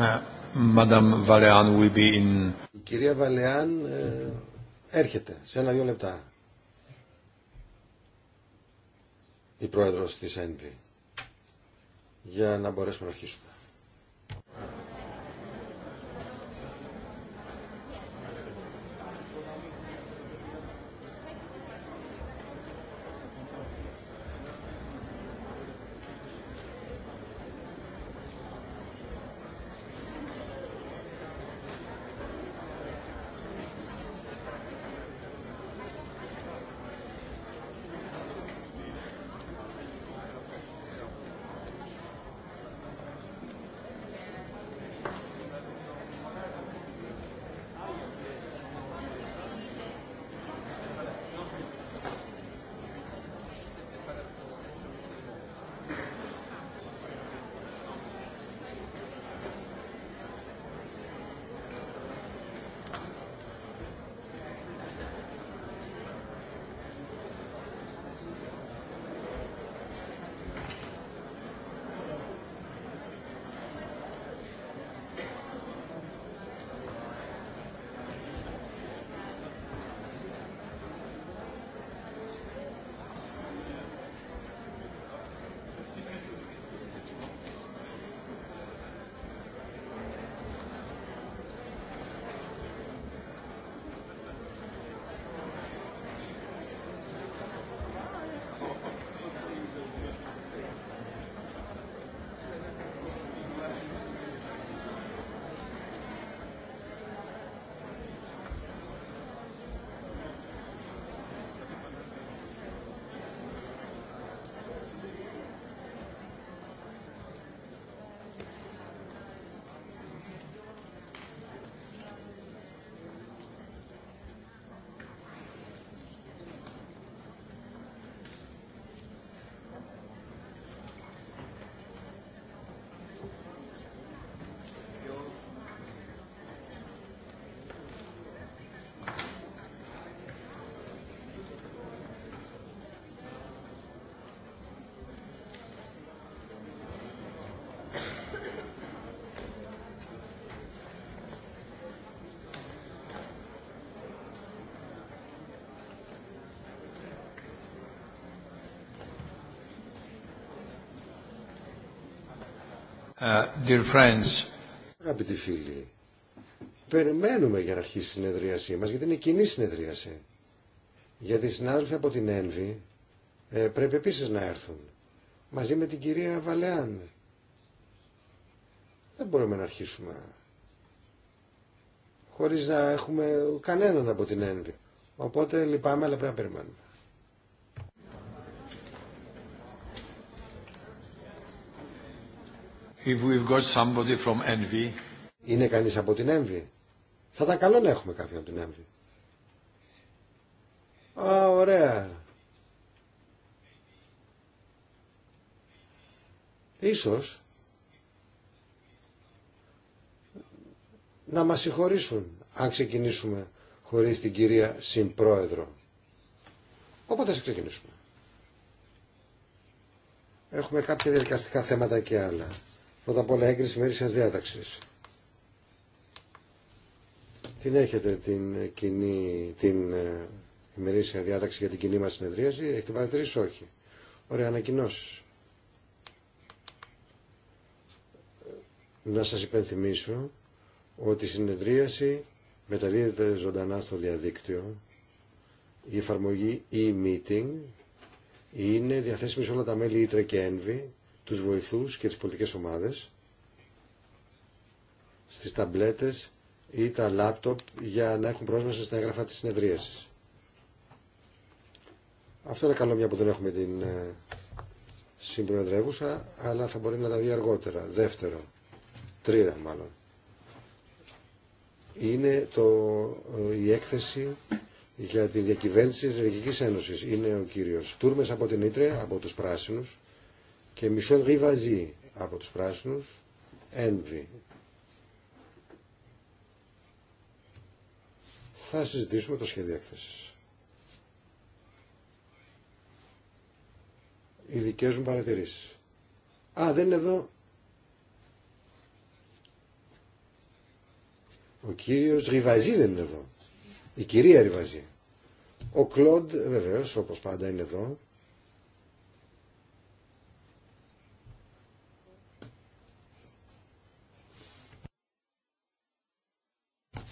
Ε, Η κυρία Βαλεάν ε, έρχεται σε ένα-δύο λεπτά. Η πρόεδρος της ΕΝΒΗ. Για να μπορέσουμε να αρχίσουμε. Uh, Αγαπητοί φίλοι, περιμένουμε για να αρχίσει η συνεδρίασή μας, γιατί είναι κοινή συνεδρίαση. Γιατί οι συνάδελφοι από την Ένβη ε, πρέπει επίσης να έρθουν, μαζί με την κυρία Βαλεάν. Δεν μπορούμε να αρχίσουμε χωρίς να έχουμε κανέναν από την Ένβη. Οπότε λυπάμαι, αλλά πρέπει να περιμένουμε. If we've got somebody from Envy. Είναι κανείς από την Envy. Θα ήταν καλό να έχουμε κάποιον από την Envy. Α, ωραία. Ίσως να μας συγχωρήσουν αν ξεκινήσουμε χωρίς την κυρία Συμπρόεδρο. Οπότε θα ξεκινήσουμε. Έχουμε κάποια διαδικαστικά θέματα και άλλα. Πρώτα απ' όλα έγκριση μερίσιας διάταξης. Την έχετε την, κοινή, την ε, ημερήσια διάταξη για την κοινή μας συνεδρίαση. Έχετε παρατηρήσει όχι. Ωραία ανακοινώσει. Να σας υπενθυμίσω ότι η συνεδρίαση μεταδίδεται ζωντανά στο διαδίκτυο. Η εφαρμογή e-meeting είναι διαθέσιμη σε όλα τα μέλη ήτρε και ένβη τους βοηθούς και τις πολιτικές ομάδες στις ταμπλέτες ή τα λάπτοπ για να έχουν πρόσβαση στα έγγραφα της συνεδρίασης. Αυτό είναι καλό μια που δεν έχουμε την ε, συμπροεδρεύουσα, αλλά θα μπορεί να τα δει αργότερα. Δεύτερο, τρία μάλλον. Είναι το, ε, η έκθεση για τη διακυβέρνηση της Ελληνική Ένωσης. Είναι ο κύριος Τούρμες από την Ήτρε, από τους Πράσινους και μισό Ριβαζή από τους Πράσινους, Envy. Θα συζητήσουμε το σχέδιο έκθεσης. Οι δικές μου παρατηρήσεις. Α, δεν είναι εδώ. Ο κύριος Ριβαζή δεν είναι εδώ. Η κυρία Ριβαζή. Ο Κλοντ βεβαίως όπως πάντα είναι εδώ.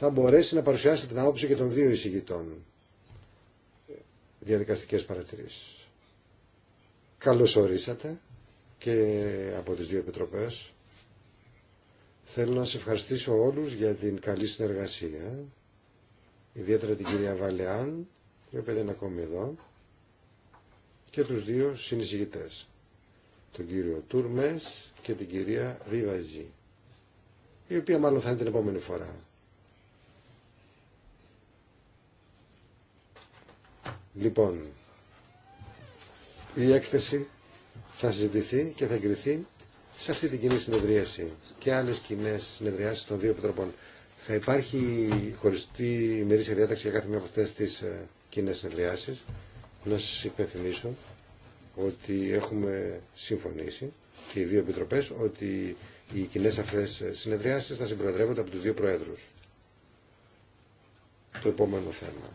θα μπορέσει να παρουσιάσει την άποψη και των δύο εισηγητών. Διαδικαστικές παρατηρήσεις. Καλώς ορίσατε και από τις δύο επιτροπές. Θέλω να σε ευχαριστήσω όλους για την καλή συνεργασία, ιδιαίτερα την κυρία Βαλεάν, η οποία είναι ακόμη εδώ, και τους δύο συνεισηγητές, τον κύριο Τούρμες και την κυρία Ριβαζή, η οποία μάλλον θα είναι την επόμενη φορά. Λοιπόν, η έκθεση θα συζητηθεί και θα εγκριθεί σε αυτή την κοινή συνεδρίαση και άλλε κοινέ συνεδριάσει των δύο επιτροπών. Θα υπάρχει χωριστή ημερήσια διάταξη για κάθε μία από αυτέ τι ε, κοινέ συνεδριάσει. Να σα υπενθυμίσω ότι έχουμε συμφωνήσει και οι δύο επιτροπέ ότι οι κοινέ αυτέ συνεδριάσει θα συμπροεδρεύονται από του δύο προέδρου. Το επόμενο θέμα.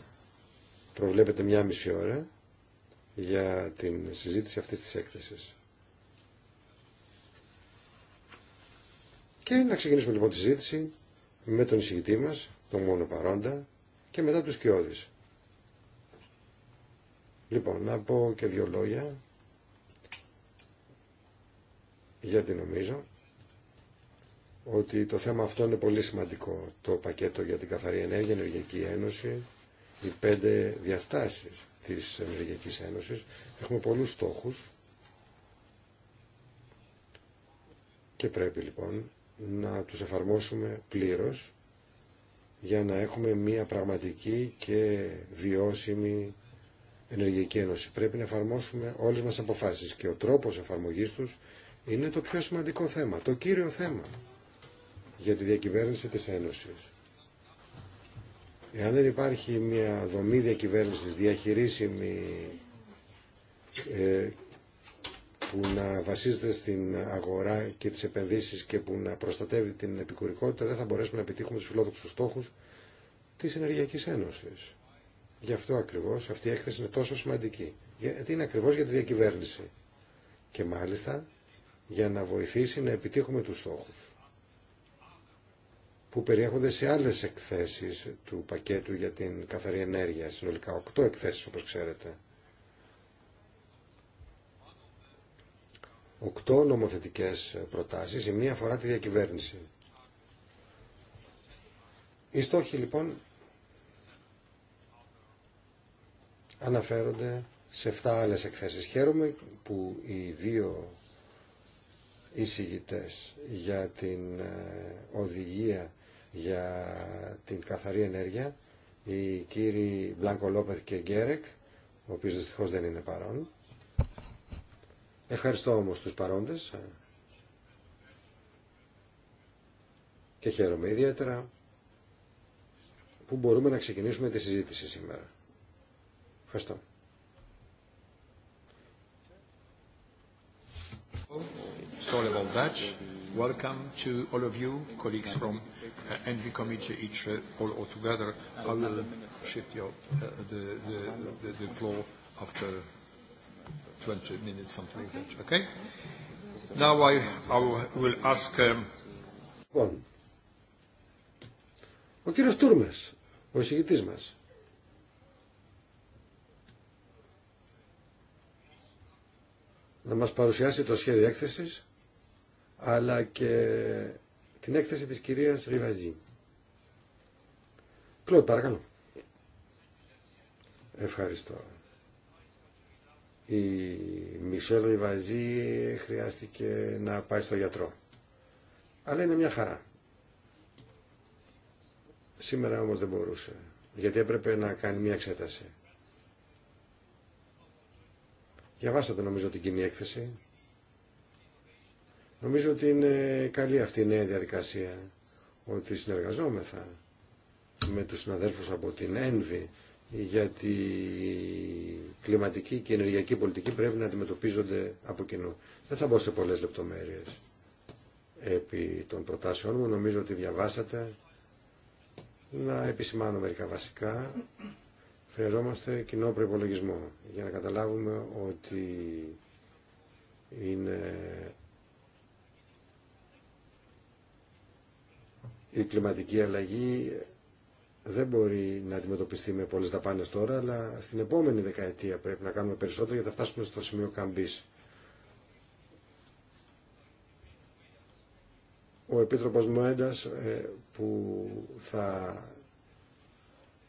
Προβλέπετε μια μισή ώρα για την συζήτηση αυτής της έκθεσης. Και να ξεκινήσουμε λοιπόν τη συζήτηση με τον εισηγητή μας, τον μόνο παρόντα, και μετά τους κοιόδης. Λοιπόν, να πω και δύο λόγια, γιατί νομίζω ότι το θέμα αυτό είναι πολύ σημαντικό, το πακέτο για την καθαρή ενέργεια, ενεργειακή ένωση, οι πέντε διαστάσεις της Ενεργειακής Ένωσης. Έχουμε πολλούς στόχους και πρέπει λοιπόν να τους εφαρμόσουμε πλήρως για να έχουμε μια πραγματική και βιώσιμη ενεργειακή ένωση. Πρέπει να εφαρμόσουμε όλες μας αποφάσεις και ο τρόπος εφαρμογής τους είναι το πιο σημαντικό θέμα, το κύριο θέμα για τη διακυβέρνηση της Ένωσης. Εάν δεν υπάρχει μια δομή διακυβέρνησης διαχειρίσιμη ε, που να βασίζεται στην αγορά και τις επενδύσεις και που να προστατεύει την επικουρικότητα δεν θα μπορέσουμε να επιτύχουμε τους φιλόδοξους στόχους της Ενεργειακής Ένωσης. Γι' αυτό ακριβώς αυτή η έκθεση είναι τόσο σημαντική. Γιατί είναι ακριβώς για τη διακυβέρνηση. Και μάλιστα για να βοηθήσει να επιτύχουμε τους στόχους που περιέχονται σε άλλες εκθέσεις του πακέτου για την καθαρή ενέργεια, συνολικά οκτώ εκθέσεις όπως ξέρετε. Οκτώ νομοθετικές προτάσεις, η μία αφορά τη διακυβέρνηση. Οι στόχοι λοιπόν αναφέρονται σε 7 άλλες εκθέσεις. Χαίρομαι που οι δύο εισηγητές για την ε, οδηγία για την καθαρή ενέργεια, οι κύριοι Μπλάνκο Λόπεθ και Γκέρεκ, ο οποίος δυστυχώς δεν είναι παρόν. Ευχαριστώ όμως τους παρόντες ε, και χαίρομαι ιδιαίτερα που μπορούμε να ξεκινήσουμε τη συζήτηση σήμερα. Ευχαριστώ welcome to all of you, colleagues from Envy Committee, each all together. I will shift your the the the floor after 20 minutes, something like that. Okay? Now I I will ask. Ο κύριος Τούρμες, ο εισηγητής μας. Να μας παρουσιάσει το σχέδιο έκθεσης αλλά και την έκθεση της κυρίας Ριβαζή. Κλώτ, παρακαλώ. Ευχαριστώ. Η Μισελ Ριβαζή χρειάστηκε να πάει στο γιατρό. Αλλά είναι μια χαρά. Σήμερα όμως δεν μπορούσε, γιατί έπρεπε να κάνει μια εξέταση. Διαβάσατε νομίζω την κοινή έκθεση Νομίζω ότι είναι καλή αυτή η νέα διαδικασία ότι συνεργαζόμεθα με τους συναδέλφους από την ΕΝΒΗ γιατί η κλιματική και ενεργειακή πολιτική πρέπει να αντιμετωπίζονται από κοινού. Δεν θα μπω σε πολλές λεπτομέρειες επί των προτάσεων μου. Νομίζω ότι διαβάσατε να επισημάνω μερικά βασικά. Χρειαζόμαστε κοινό προπολογισμό για να καταλάβουμε ότι είναι Η κλιματική αλλαγή δεν μπορεί να αντιμετωπιστεί με πολλές δαπάνες τώρα, αλλά στην επόμενη δεκαετία πρέπει να κάνουμε περισσότερο για να φτάσουμε στο σημείο καμπής. Ο Επίτροπος Μοέντας ε, που θα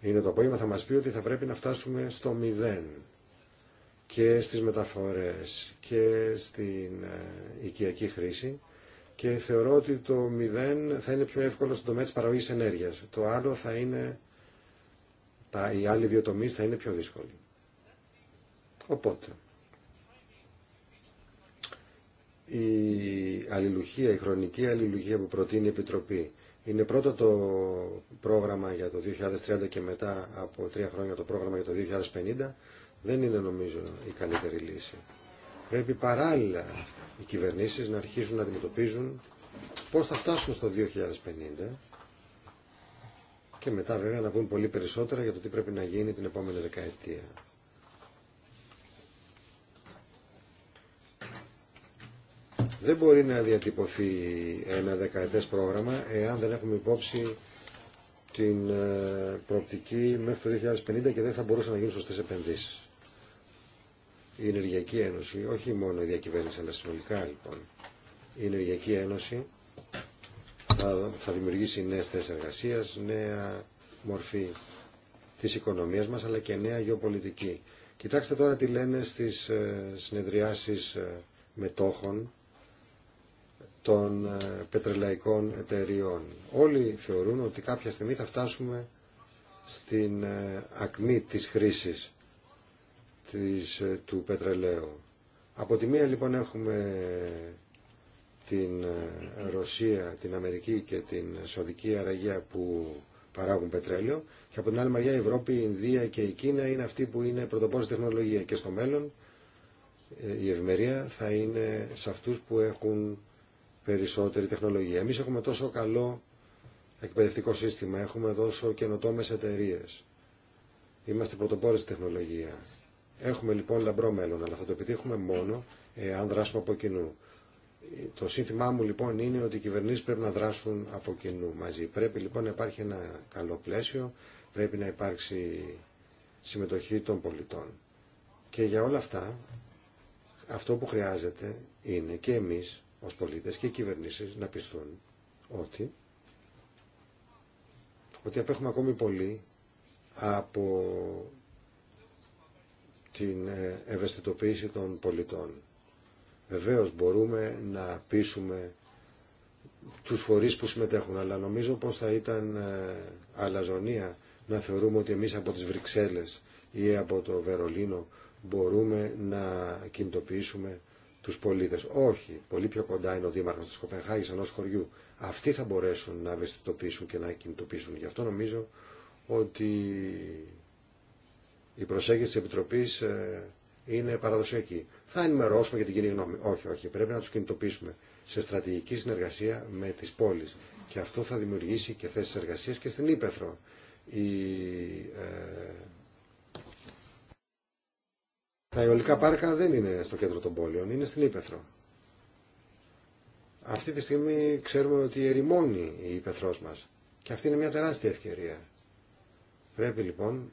είναι το απόγευμα θα μας πει ότι θα πρέπει να φτάσουμε στο μηδέν και στις μεταφορές και στην ε, οικιακή χρήση και θεωρώ ότι το μηδέν θα είναι πιο εύκολο στον τομέα της παραγωγής ενέργειας. Το άλλο θα είναι, τα, οι άλλοι δύο τομείς θα είναι πιο δύσκολοι. Οπότε, η αλληλουχία, η χρονική αλληλουχία που προτείνει η Επιτροπή είναι πρώτα το πρόγραμμα για το 2030 και μετά από τρία χρόνια το πρόγραμμα για το 2050 δεν είναι νομίζω η καλύτερη λύση. Πρέπει παράλληλα οι κυβερνήσεις να αρχίσουν να αντιμετωπίζουν πώς θα φτάσουν στο 2050 και μετά βέβαια να πούν πολύ περισσότερα για το τι πρέπει να γίνει την επόμενη δεκαετία. Δεν μπορεί να διατυπωθεί ένα δεκαετές πρόγραμμα εάν δεν έχουμε υπόψη την ε, προοπτική μέχρι το 2050 και δεν θα μπορούσαν να γίνουν σωστές επενδύσεις η Ενεργειακή Ένωση, όχι μόνο η διακυβέρνηση αλλά συνολικά λοιπόν, η Ενεργειακή Ένωση θα, δημιουργήσει νέες θέσεις εργασίας, νέα μορφή της οικονομίας μας αλλά και νέα γεωπολιτική. Κοιτάξτε τώρα τι λένε στις ε, συνεδριάσεις ε, μετόχων των ε, πετρελαϊκών εταιριών. Όλοι θεωρούν ότι κάποια στιγμή θα φτάσουμε στην ακμή της χρήσης της, ε, του πετρελαίου. Από τη μία λοιπόν έχουμε την ε, Ρωσία, την Αμερική και την Σοδική Αραγία που παράγουν πετρέλαιο και από την άλλη μεριά η Ευρώπη, η Ινδία και η Κίνα είναι αυτοί που είναι πρωτοπόροι τεχνολογία και στο μέλλον ε, η ευημερία θα είναι σε αυτούς που έχουν περισσότερη τεχνολογία. Εμείς έχουμε τόσο καλό εκπαιδευτικό σύστημα, έχουμε τόσο καινοτόμες εταιρείε. Είμαστε πρωτοπόροι τεχνολογία. Έχουμε λοιπόν λαμπρό μέλλον, αλλά θα το επιτύχουμε μόνο αν δράσουμε από κοινού. Το σύνθημά μου λοιπόν είναι ότι οι κυβερνήσει πρέπει να δράσουν από κοινού μαζί. Πρέπει λοιπόν να υπάρχει ένα καλό πλαίσιο, πρέπει να υπάρξει συμμετοχή των πολιτών. Και για όλα αυτά, αυτό που χρειάζεται είναι και εμείς ως πολίτες και οι κυβερνήσει να πιστούν ότι, ότι απέχουμε ακόμη πολύ από την ε, ευαισθητοποίηση των πολιτών. Βεβαίως μπορούμε να πείσουμε τους φορείς που συμμετέχουν, αλλά νομίζω πως θα ήταν ε, αλαζονία να θεωρούμε ότι εμείς από τις Βρυξέλλες ή από το Βερολίνο μπορούμε να κινητοποιήσουμε τους πολίτες. Όχι, πολύ πιο κοντά είναι ο Δήμαρχος της Κοπενχάγης ενός χωριού. Αυτοί θα μπορέσουν να ευαισθητοποιήσουν και να κινητοποιήσουν. Γι' αυτό νομίζω ότι η προσέγγιση της Επιτροπής ε, είναι παραδοσιακή. Θα ενημερώσουμε για την κοινή γνώμη. Όχι, όχι. Πρέπει να τους κινητοποιήσουμε σε στρατηγική συνεργασία με τις πόλεις. Και αυτό θα δημιουργήσει και θέσεις εργασίας και στην Ήπεθρο. Η, ε, τα αιωλικά πάρκα δεν είναι στο κέντρο των πόλεων, είναι στην Ήπεθρο. Αυτή τη στιγμή ξέρουμε ότι ερημώνει η Ήπεθρός μας. Και αυτή είναι μια τεράστια ευκαιρία. Πρέπει λοιπόν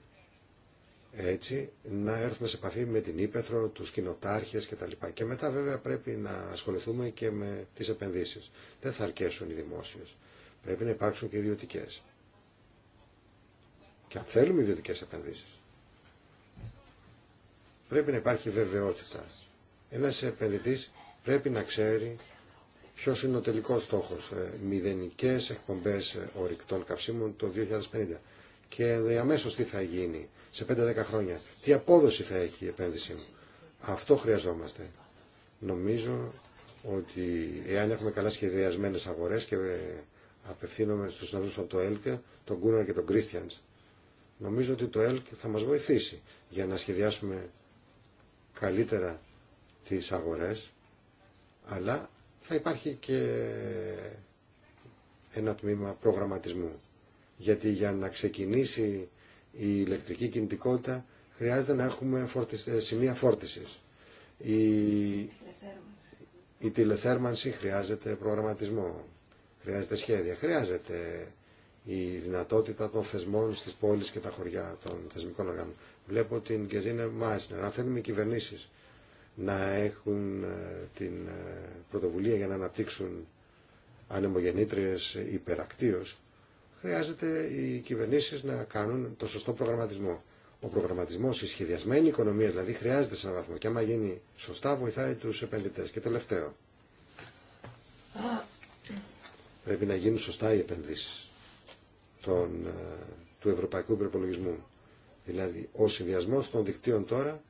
έτσι να έρθουμε σε επαφή με την Ήπεθρο, τους κοινοτάρχες κτλ. Και μετά βέβαια πρέπει να ασχοληθούμε και με τις επενδύσεις. Δεν θα αρκέσουν οι δημόσιες. Πρέπει να υπάρξουν και ιδιωτικέ. Και αν θέλουμε ιδιωτικέ επενδύσεις, πρέπει να υπάρχει βεβαιότητα. Ένας επενδυτής πρέπει να ξέρει ποιος είναι ο τελικός στόχος. Ε, μηδενικές εκπομπές ε, ορυκτών καυσίμων το 2050 και αμέσω τι θα γίνει σε 5-10 χρόνια. Τι απόδοση θα έχει η επένδυση μου. Αυτό χρειαζόμαστε. Νομίζω ότι εάν έχουμε καλά σχεδιασμένε αγορέ και ε, απευθύνομαι στου συναδέλφου από το ΕΛΚ, τον Κούναρ και τον Κρίστιαν, νομίζω ότι το ΕΛΚ θα μα βοηθήσει για να σχεδιάσουμε καλύτερα τι αγορέ, αλλά θα υπάρχει και ένα τμήμα προγραμματισμού γιατί για να ξεκινήσει η ηλεκτρική κινητικότητα χρειάζεται να έχουμε ε, σημεία φόρτισης. Η, η τηλεθέρμανση χρειάζεται προγραμματισμό, χρειάζεται σχέδια, χρειάζεται η δυνατότητα των θεσμών στις πόλεις και τα χωριά των θεσμικών οργάνων. Βλέπω την Κεζίνε Μάισνερ. Αν θέλουμε οι κυβερνήσεις να έχουν ε, την ε, πρωτοβουλία για να αναπτύξουν ανεμογεννήτριες υπερακτίως, χρειάζεται οι κυβερνήσει να κάνουν το σωστό προγραμματισμό. Ο προγραμματισμό, η σχεδιασμένη οικονομία δηλαδή χρειάζεται σε έναν βαθμό και άμα γίνει σωστά βοηθάει του επενδυτέ. Και τελευταίο. Πρέπει να γίνουν σωστά οι επενδύσει ε, του ευρωπαϊκού προπολογισμού. Δηλαδή ο συνδυασμό των δικτύων τώρα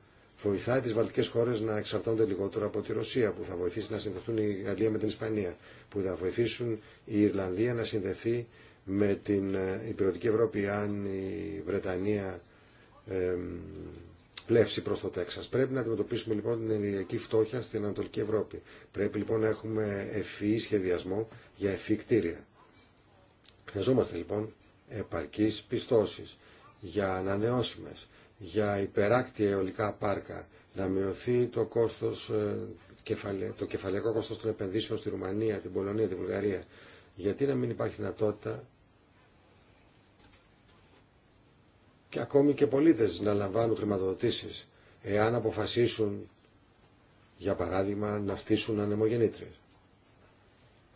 βοηθάει τι βαλτικέ χώρε να εξαρτώνται λιγότερο από τη Ρωσία που θα βοηθήσει να συνδεθούν η Γαλλία με την Ισπανία, που θα βοηθήσουν η Ιρλανδία να συνδεθεί με την υπηρετική ε, Ευρώπη αν η Βρετανία ε, πλεύσει προς το Τέξας. Πρέπει να αντιμετωπίσουμε λοιπόν την ενεργειακή φτώχεια στην Ανατολική Ευρώπη. Πρέπει λοιπόν να έχουμε ευφυή σχεδιασμό για ευφυή κτίρια. Χρειαζόμαστε λοιπόν επαρκείς πιστώσεις για ανανεώσιμες, για υπεράκτη αιωλικά πάρκα, να μειωθεί το κόστος, ε, το κόστος των επενδύσεων στη Ρουμανία, την Πολωνία, την Βουλγαρία. Γιατί να μην υπάρχει δυνατότητα και ακόμη και πολίτες να λαμβάνουν χρηματοδοτήσεις εάν αποφασίσουν, για παράδειγμα, να στήσουν ανεμογεννήτριες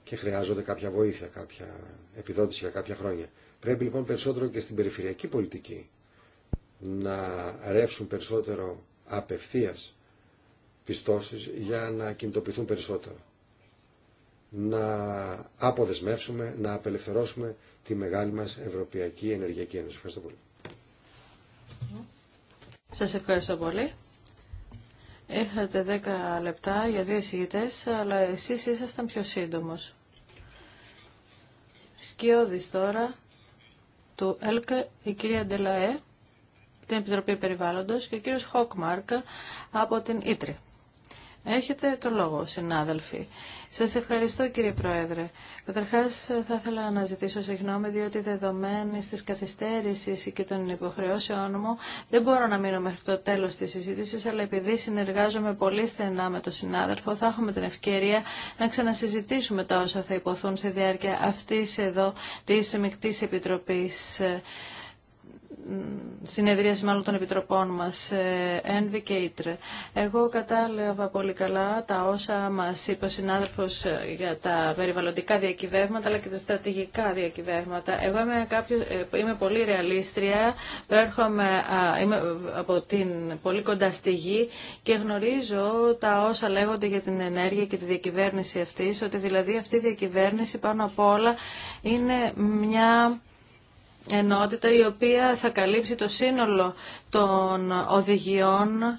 και χρειάζονται κάποια βοήθεια, κάποια επιδότηση για κάποια χρόνια. Πρέπει λοιπόν περισσότερο και στην περιφερειακή πολιτική να ρεύσουν περισσότερο απευθείας πιστώσεις για να κινητοποιηθούν περισσότερο. Να αποδεσμεύσουμε, να απελευθερώσουμε τη μεγάλη μας Ευρωπαϊκή Ενεργειακή Ένωση. Ευχαριστώ πολύ. Σας ευχαριστώ πολύ. Έχατε 10 λεπτά για δύο εισηγητές, αλλά εσείς ήσασταν πιο σύντομος. Σκιώδης τώρα του ΕΛΚ η κυρία Ντελαέ, την Επιτροπή Περιβάλλοντος και ο κύριος Χόκμαρκ από την Ήτρη. Έχετε το λόγο, συνάδελφοι. Σας ευχαριστώ κύριε Πρόεδρε. Καταρχάς θα ήθελα να ζητήσω συγγνώμη διότι δεδομένη της καθυστέρησης και των υποχρεώσεών μου δεν μπορώ να μείνω μέχρι το τέλος της συζήτησης αλλά επειδή συνεργάζομαι πολύ στενά με τον συνάδελφο θα έχουμε την ευκαιρία να ξανασυζητήσουμε τα όσα θα υποθούν σε διάρκεια αυτής εδώ της Μικτής Επιτροπής συνεδρίαση μάλλον των επιτροπών μας, ε, Ενβι και Εγώ κατάλαβα πολύ καλά τα όσα μας είπε ο συνάδελφος ε, για τα περιβαλλοντικά διακυβεύματα αλλά και τα στρατηγικά διακυβεύματα. Εγώ είμαι, κάποιος, ε, είμαι πολύ ρεαλίστρια, προέρχομαι, είμαι από την πολύ κοντά στη γη και γνωρίζω τα όσα λέγονται για την ενέργεια και τη διακυβέρνηση αυτής, ότι δηλαδή αυτή η διακυβέρνηση πάνω απ' όλα είναι μια ενότητα η οποία θα καλύψει το σύνολο των οδηγιών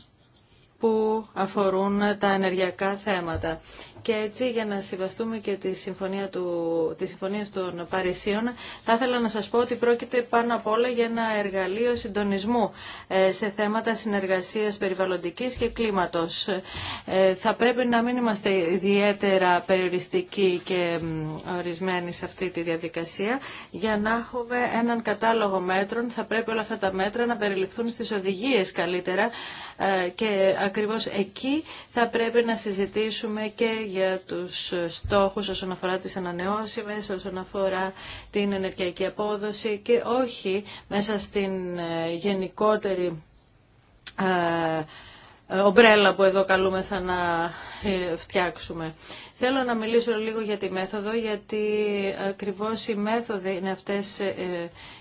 που αφορούν τα ενεργειακά θέματα. Και έτσι για να συμβαστούμε και τη συμφωνία, του, τη συμφωνία των Παρισίων θα ήθελα να σας πω ότι πρόκειται πάνω απ' όλα για ένα εργαλείο συντονισμού ε, σε θέματα συνεργασίας περιβαλλοντικής και κλίματος. Ε, θα πρέπει να μην είμαστε ιδιαίτερα περιοριστικοί και ορισμένοι σε αυτή τη διαδικασία. Για να έχουμε έναν κατάλογο μέτρων θα πρέπει όλα αυτά τα μέτρα να περιληφθούν στις οδηγίες καλύτερα ε, και ακριβώς εκεί θα πρέπει να συζητήσουμε και για τους στόχους όσον αφορά τις ανανεώσιμες, όσον αφορά την ενεργειακή απόδοση και όχι μέσα στην ε, γενικότερη ε, ε, ομπρέλα που εδώ καλούμεθα να φτιάξουμε. Θέλω να μιλήσω λίγο για τη μέθοδο, γιατί ακριβώς οι μέθοδοι είναι αυτές ε,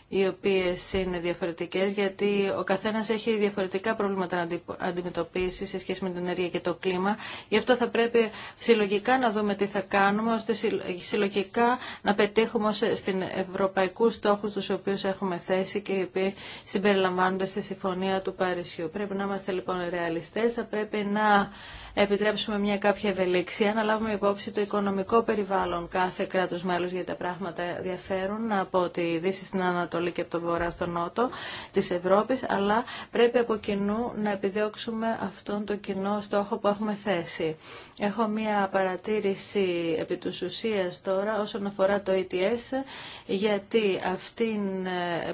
οι οποίες είναι διαφορετικές, γιατί ο καθένας έχει διαφορετικά προβλήματα να αντιμετωπίσει σε σχέση με την ενέργεια και το κλίμα. Γι' αυτό θα πρέπει συλλογικά να δούμε τι θα κάνουμε, ώστε συλλογικά να πετύχουμε ε, στην ευρωπαϊκού στόχους τους οποίους έχουμε θέσει και οι οποίοι συμπεριλαμβάνονται στη Συμφωνία του Παρισιού. Πρέπει να είμαστε λοιπόν ρεαλιστές, θα πρέπει να επιτρέψουμε μια κάποια ευελιξία, να λάβουμε υπόψη το οικονομικό περιβάλλον κάθε κράτους μέλους, γιατί τα πράγματα διαφέρουν από τη Δύση στην Ανατολή και από το Βορρά στο Νότο της Ευρώπης, αλλά πρέπει από κοινού να επιδιώξουμε αυτόν τον κοινό στόχο που έχουμε θέσει. Έχω μια παρατήρηση επί του ουσία τώρα όσον αφορά το ETS, γιατί αυτήν ε,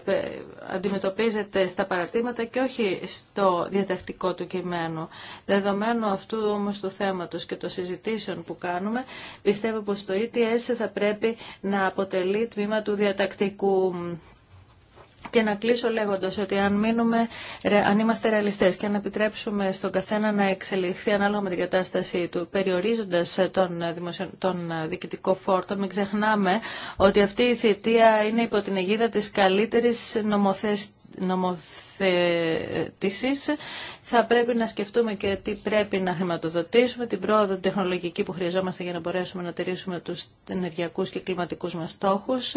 αντιμετωπίζεται στα παρατήματα και όχι στο διατακτικό του κειμένου. Δεδομένου αυτού όμως του θέματος και των συζητήσεων που κάνουμε, πιστεύω πως το ETS θα πρέπει να αποτελεί τμήμα του διατακτικού και να κλείσω λέγοντα ότι αν, μείνουμε, αν είμαστε ρεαλιστές και αν επιτρέψουμε στον καθένα να εξελιχθεί ανάλογα με την κατάστασή του, περιορίζοντα τον, ε, δημοσιο... τον ε, διοικητικό φόρτο, μην ξεχνάμε ότι αυτή η θητεία είναι υπό την αιγίδα τη καλύτερη νομοθεσία θα πρέπει να σκεφτούμε και τι πρέπει να χρηματοδοτήσουμε, την πρόοδο τεχνολογική που χρειαζόμαστε για να μπορέσουμε να τηρήσουμε τους ενεργειακούς και κλιματικούς μας στόχους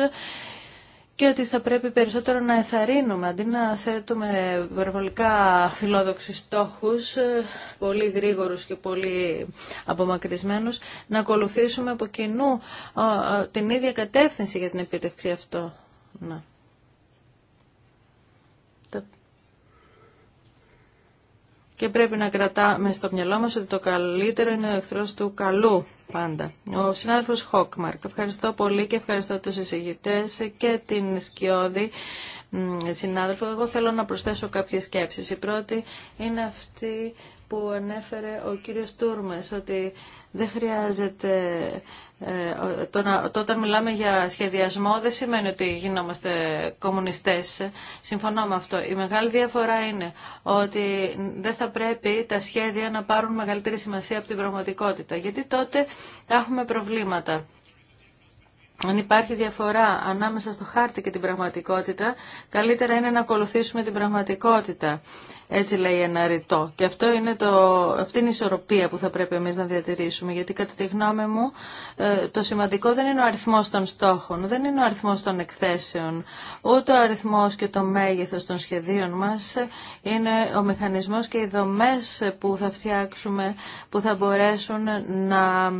και ότι θα πρέπει περισσότερο να εθαρρύνουμε, αντί να θέτουμε βερβολικά φιλόδοξους στόχους, πολύ γρήγορους και πολύ απομακρυσμένους, να ακολουθήσουμε από κοινού την ίδια κατεύθυνση για την επίτευξη αυτό. και πρέπει να κρατάμε στο μυαλό μας ότι το καλύτερο είναι ο εχθρό του καλού πάντα. Ο συνάδελφος Χόκμαρκ. Ευχαριστώ πολύ και ευχαριστώ τους εισηγητές και την Σκιώδη συνάδελφο. Εγώ θέλω να προσθέσω κάποιες σκέψεις. Η πρώτη είναι αυτή που ανέφερε ο κύριος Τούρμες, ότι δεν χρειάζεται, ε, το, όταν μιλάμε για σχεδιασμό δεν σημαίνει ότι γινόμαστε κομμουνιστές. Συμφωνώ με αυτό. Η μεγάλη διαφορά είναι ότι δεν θα πρέπει τα σχέδια να πάρουν μεγαλύτερη σημασία από την πραγματικότητα, γιατί τότε θα έχουμε προβλήματα. Αν υπάρχει διαφορά ανάμεσα στο χάρτη και την πραγματικότητα, καλύτερα είναι να ακολουθήσουμε την πραγματικότητα. Έτσι λέει ένα ρητό. Και αυτό είναι το, αυτή είναι η ισορροπία που θα πρέπει εμείς να διατηρήσουμε. Γιατί κατά τη γνώμη μου ε, το σημαντικό δεν είναι ο αριθμός των στόχων, δεν είναι ο αριθμός των εκθέσεων, ούτε ο αριθμός και το μέγεθος των σχεδίων μας. Είναι ο μηχανισμός και οι δομές που θα φτιάξουμε, που θα μπορέσουν να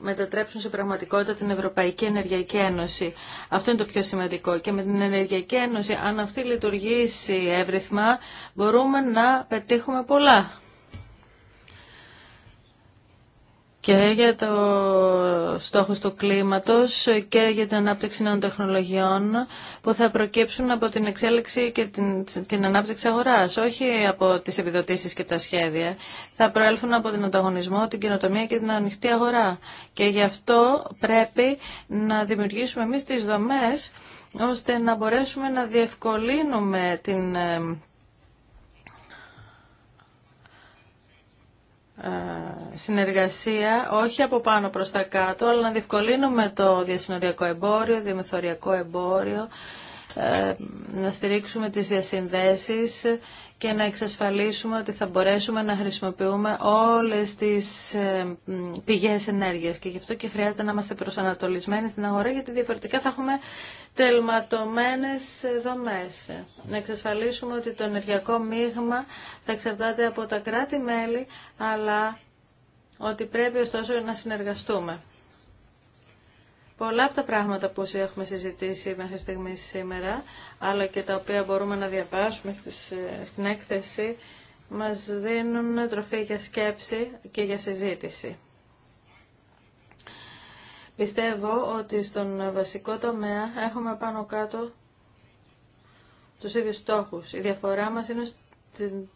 μετατρέψουν σε πραγματικότητα την Ευρωπαϊκή Ενεργειακή Ένωση. Αυτό είναι το πιο σημαντικό. Και με την Ενεργειακή Ένωση, αν αυτή λειτουργήσει εύρυθμα, μπορούμε να πετύχουμε πολλά. και για το στόχο του κλίματος και για την ανάπτυξη νέων τεχνολογιών που θα προκύψουν από την εξέλιξη και την, την ανάπτυξη αγοράς, όχι από τις επιδοτήσεις και τα σχέδια. Θα προέλθουν από τον ανταγωνισμό, την καινοτομία και την ανοιχτή αγορά. Και γι' αυτό πρέπει να δημιουργήσουμε εμείς τις δομές ώστε να μπορέσουμε να διευκολύνουμε την ε, Ε, συνεργασία όχι από πάνω προς τα κάτω αλλά να διευκολύνουμε το διασυνοριακό εμπόριο, διαμεθοριακό εμπόριο ε, να στηρίξουμε τις διασυνδέσεις και να εξασφαλίσουμε ότι θα μπορέσουμε να χρησιμοποιούμε όλες τις ε, πηγές ενέργειας και γι' αυτό και χρειάζεται να είμαστε προσανατολισμένοι στην αγορά γιατί διαφορετικά θα έχουμε τελματωμένες δομές. Να εξασφαλίσουμε ότι το ενεργειακό μείγμα θα εξαρτάται από τα κράτη-μέλη αλλά ότι πρέπει ωστόσο να συνεργαστούμε πολλά από τα πράγματα που έχουμε συζητήσει μέχρι στιγμή σήμερα, αλλά και τα οποία μπορούμε να διαβάσουμε ε, στην έκθεση, μας δίνουν τροφή για σκέψη και για συζήτηση. Πιστεύω ότι στον βασικό τομέα έχουμε πάνω κάτω τους ίδιους στόχους. Η διαφορά μας είναι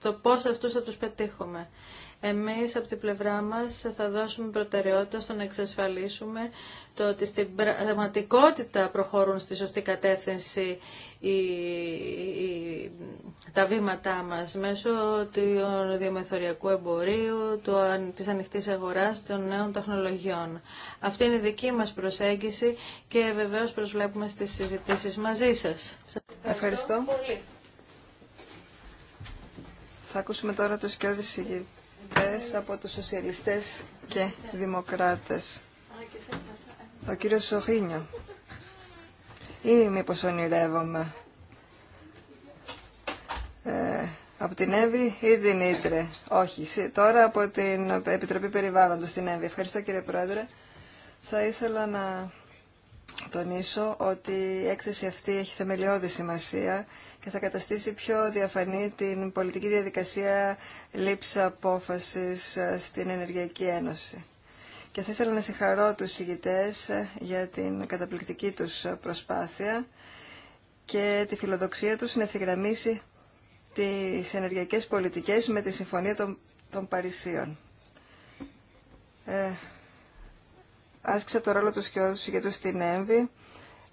το πώς αυτούς θα τους πετύχουμε. Εμείς από την πλευρά μας θα δώσουμε προτεραιότητα στο να εξασφαλίσουμε το ότι στην πραγματικότητα προχωρούν στη σωστή κατεύθυνση τα βήματά μας μέσω του διαμεθοριακού εμπορίου, του, της ανοιχτής αγοράς, των νέων τεχνολογιών. Αυτή είναι η δική μας προσέγγιση και βεβαίως προσβλέπουμε στις συζητήσεις μαζί σας. ευχαριστώ. Θα ακούσουμε τώρα τους και από τους σοσιαλιστές και δημοκράτες. Ο κύριος Σοχίνιο. Ή μήπως ονειρεύομαι. Ε, από την Εύη ή την Ήτρε. Όχι. Τώρα από την Επιτροπή Περιβάλλοντος στην Εύη. Ευχαριστώ κύριε Πρόεδρε. Θα ήθελα να τονίσω ότι η έκθεση αυτή έχει θεμελιώδη σημασία και θα καταστήσει πιο διαφανή την πολιτική διαδικασία λήψη απόφαση ε, στην Ενεργειακή Ένωση. Και θα ήθελα να συγχαρώ τους συγητές ε, για την καταπληκτική τους προσπάθεια και τη φιλοδοξία τους να ευθυγραμμίσει τις ενεργειακές πολιτικές με τη Συμφωνία των, Παρισίων. Ε, άσκησα το ρόλο του Σκιώδου του στην ΕΜΒΗ